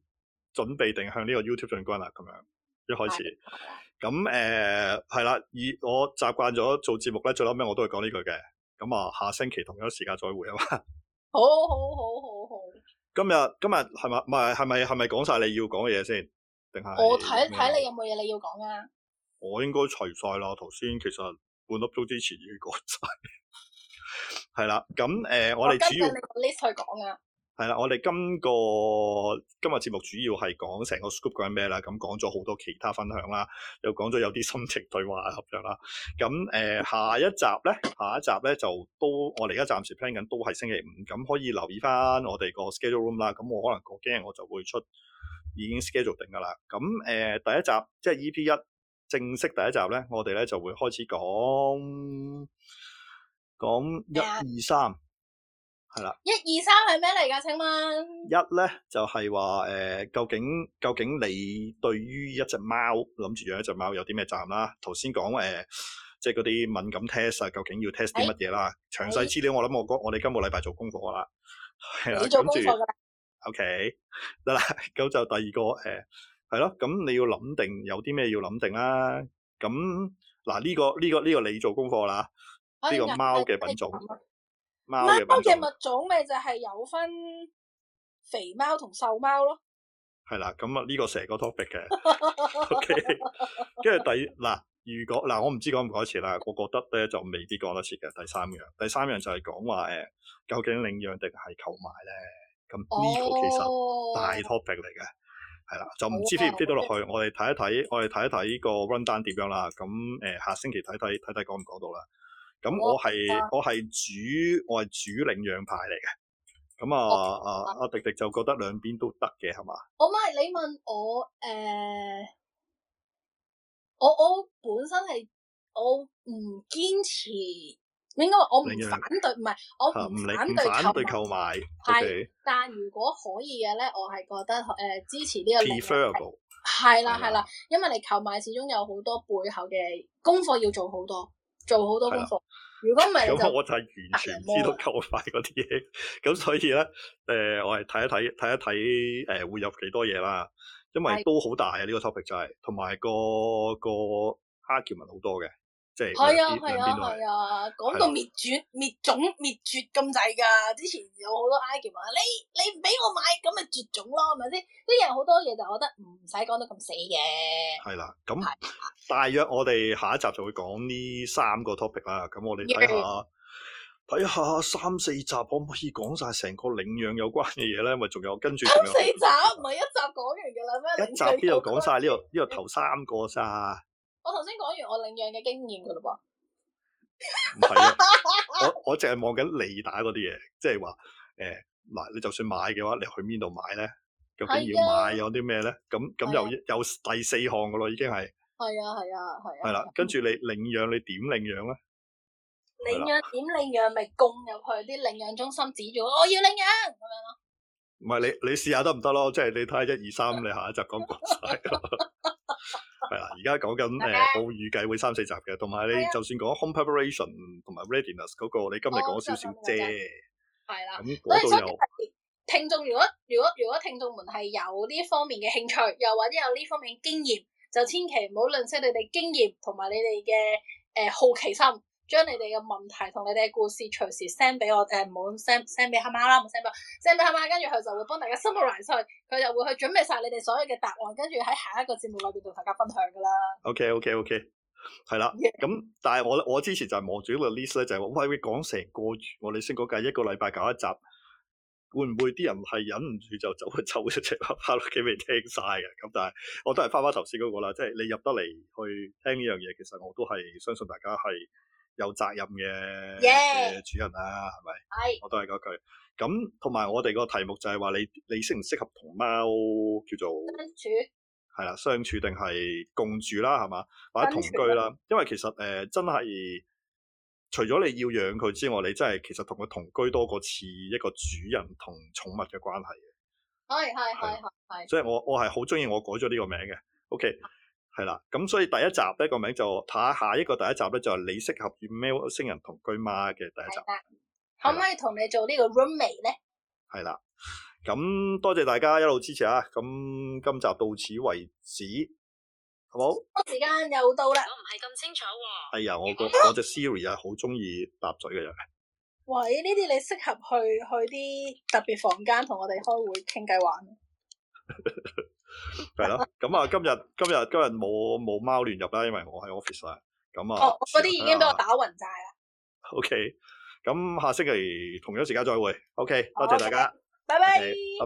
準備定向呢個 YouTube 進軍啦，咁樣一開始。 咁誒、呃、係啦，以我習慣咗做節目咧，最嬲咩我都係講呢句嘅。咁啊，下星期同樣時間再會啊嘛。好好好好好。今日今日係咪？唔係係咪係咪講晒你要講嘅嘢先？定係我睇睇你有冇嘢你要講啊？我應該除晒啦。頭先其實半粒鐘之前已經講晒。係 啦。 咁誒，呃、我哋主要 list 去講啊。係啦，我哋、這個、今個今日節目主要係講成個 Scoop 講咩啦，咁講咗好多其他分享啦，又講咗有啲心情對話入邊啦。咁誒、呃，下一集咧，下一集咧就都我哋而家暫時 plan 緊都係星期五，咁可以留意翻我哋個 schedule room 啦。咁我可能過幾日我就會出已經 schedule 定噶啦。咁誒、呃，第一集即係、就是、E.P. 一正式第一集咧，我哋咧就會開始講講一二三。係啦，一二三係咩嚟噶？請問一咧就係話誒，究竟究竟你對於一隻貓諗住養一隻貓有啲咩責任啦？頭先講誒，即係嗰啲敏感 test 啊，究竟要 test 啲乜嘢啦？哎、詳細資料我諗我我哋今個禮拜做功課啦，係啦，跟住 OK 得啦。咁就着、okay, 第二個誒，係、呃、咯，咁你要諗定有啲咩要諗定啦。咁嗱呢個呢、呢個呢、呢個呢個你做功課啦，呢、呢個貓嘅品種。貓嘅物種咪就係有分肥貓同瘦貓咯，係 okay、啦，咁啊呢個成個 topic 嘅，OK，跟住第二嗱如果嗱我唔知講唔講得切啦，我覺得咧就未必講得切嘅第三樣，第三樣就係講話誒，究竟領養定係購買咧，咁呢個其實大 topic 嚟嘅，係啦、哦，就唔知飛唔飛到落去，okay. 我哋睇一睇，我哋睇一睇呢個 run down 點樣啦，咁誒下星期睇睇睇睇講唔講到啦。咁我係我係主我係主領養牌嚟嘅，咁啊 Okay. 啊阿、啊、迪迪就覺得兩邊都得嘅係嘛？我唔係你問我誒、呃，我我本身係我唔堅持，應該我唔反對，唔係養我唔反對購買係，但如果可以嘅咧，我係覺得誒、呃、支持呢個 preferable 係啦係啦,啦，因為你購買始終有好多背後嘅功課要做好多。做好多工作，如果唔係就咁，啊 呃，我就係完全唔知道購快啲嘢，咁所以咧，誒、呃，我係睇一睇，睇一睇誒會有幾多嘢啦，因為都好大啊！呢的個 topic 就係同埋個個 argument 好多嘅。係啊係啊係啊，講、啊啊啊、到滅絕滅種滅絕咁滯噶，之前有好多 IG 話你你唔俾我買咁咪絕種咯，係咪先？呢樣好多嘢，就我覺得唔使講得咁死嘅。係啦、啊、咁、啊、大約我哋下一集就會講呢三個 topic 啊。咁我哋睇下睇下三四集可唔可以講晒成個領養有關嘅嘢咧？咪仲有跟住。三四集唔係一集講完嘅啦咩？一集邊度講晒呢度呢度頭三個咋？ 我頭先講完我領養嘅經驗噶啦噃，唔係啊，我我淨係望緊你打嗰啲嘢，即係話誒，嗱、欸，你就算買嘅話，你去邊度買咧？究竟要買呢的有啲咩咧？咁咁的又有第四項噶咯，已經係。係啊係啊係。係啦，跟住你領養，你點領養咧？領養點領養咪供入去啲領養中心指，指住我要領養咁樣咯。唔係、啊、你你試下得唔得咯？即係你睇下一,一二三，你下一集講講晒。係啦，而家講緊誒，我預計會三四集嘅。同埋你就算講 home preparation 同埋 readiness 嗰個，你今日講少少啫。係啦，咁我都有。聽眾如果如果如果聽眾們係有呢方面嘅興趣，又或者有呢方面經驗，就千祈唔好吝嗇你哋經驗同埋你哋嘅誒好奇心。將你哋嘅問題同你哋嘅故事隨時 send 俾我，誒唔好 send send 俾阿媽啦，唔 send 俾 send 俾阿媽，跟住佢就會幫大家 summarize 出去，佢就會去準備晒你哋所有嘅答案，跟住喺下一個節目裏邊同大家分享噶啦。OK OK OK，係啦，咁 Yeah. 但係我我之前就係望住呢個 list 咧，就係、是、喂，會講成個月，我哋先講計一個禮拜搞一集，會唔會啲人係忍唔住就走去走一集 hello 未聽晒嘅，咁但係我都係翻翻頭先嗰個啦，即、就、係、是、你入得嚟去聽呢樣嘢，其實我都係相信大家係。有責任嘅主人啦，係咪 Yeah.？係是，我都係嗰句。咁同埋我哋個題目就係話你你適唔適合同貓叫做相處，係啦，相處定係共住啦，係嘛？或者同居啦？因為其實誒、呃、真係除咗你要養佢之外，你真係其實同佢同居多過似一,一個主人同寵物嘅關係嘅。係係係係。所以我我係好中意我改咗呢個名嘅。OK。係啦，咁所以第一集呢個名就睇下下一個第一集咧就係、是、你適合與喵星人同居嗎嘅第一集，的的可唔可以同你做呢個 roommate 咧？係啦，咁多謝大家一路支持啊！咁今集到此為止，好冇？時間又到啦，我唔係咁清楚喎、哦。係啊、哎，我個、啊、我隻 Siri 係好中意搭嘴嘅人。喂，呢啲你適合去去啲特別房間同我哋開會傾偈玩。 係咯，咁啊今日今日今日冇冇貓亂入啦，因為我喺 office，我 office 我、oh、啊。咁、嗯、啊，哦，嗰啲已經俾我打暈晒啦。OK，咁下星期同樣時間再會。OK，多謝大家，okay，拜拜，okay，拜，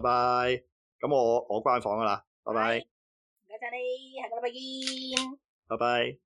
拜，拜拜。咁我我關房啦，拜拜。唔該晒你，下個禮拜見，拜拜。Bye.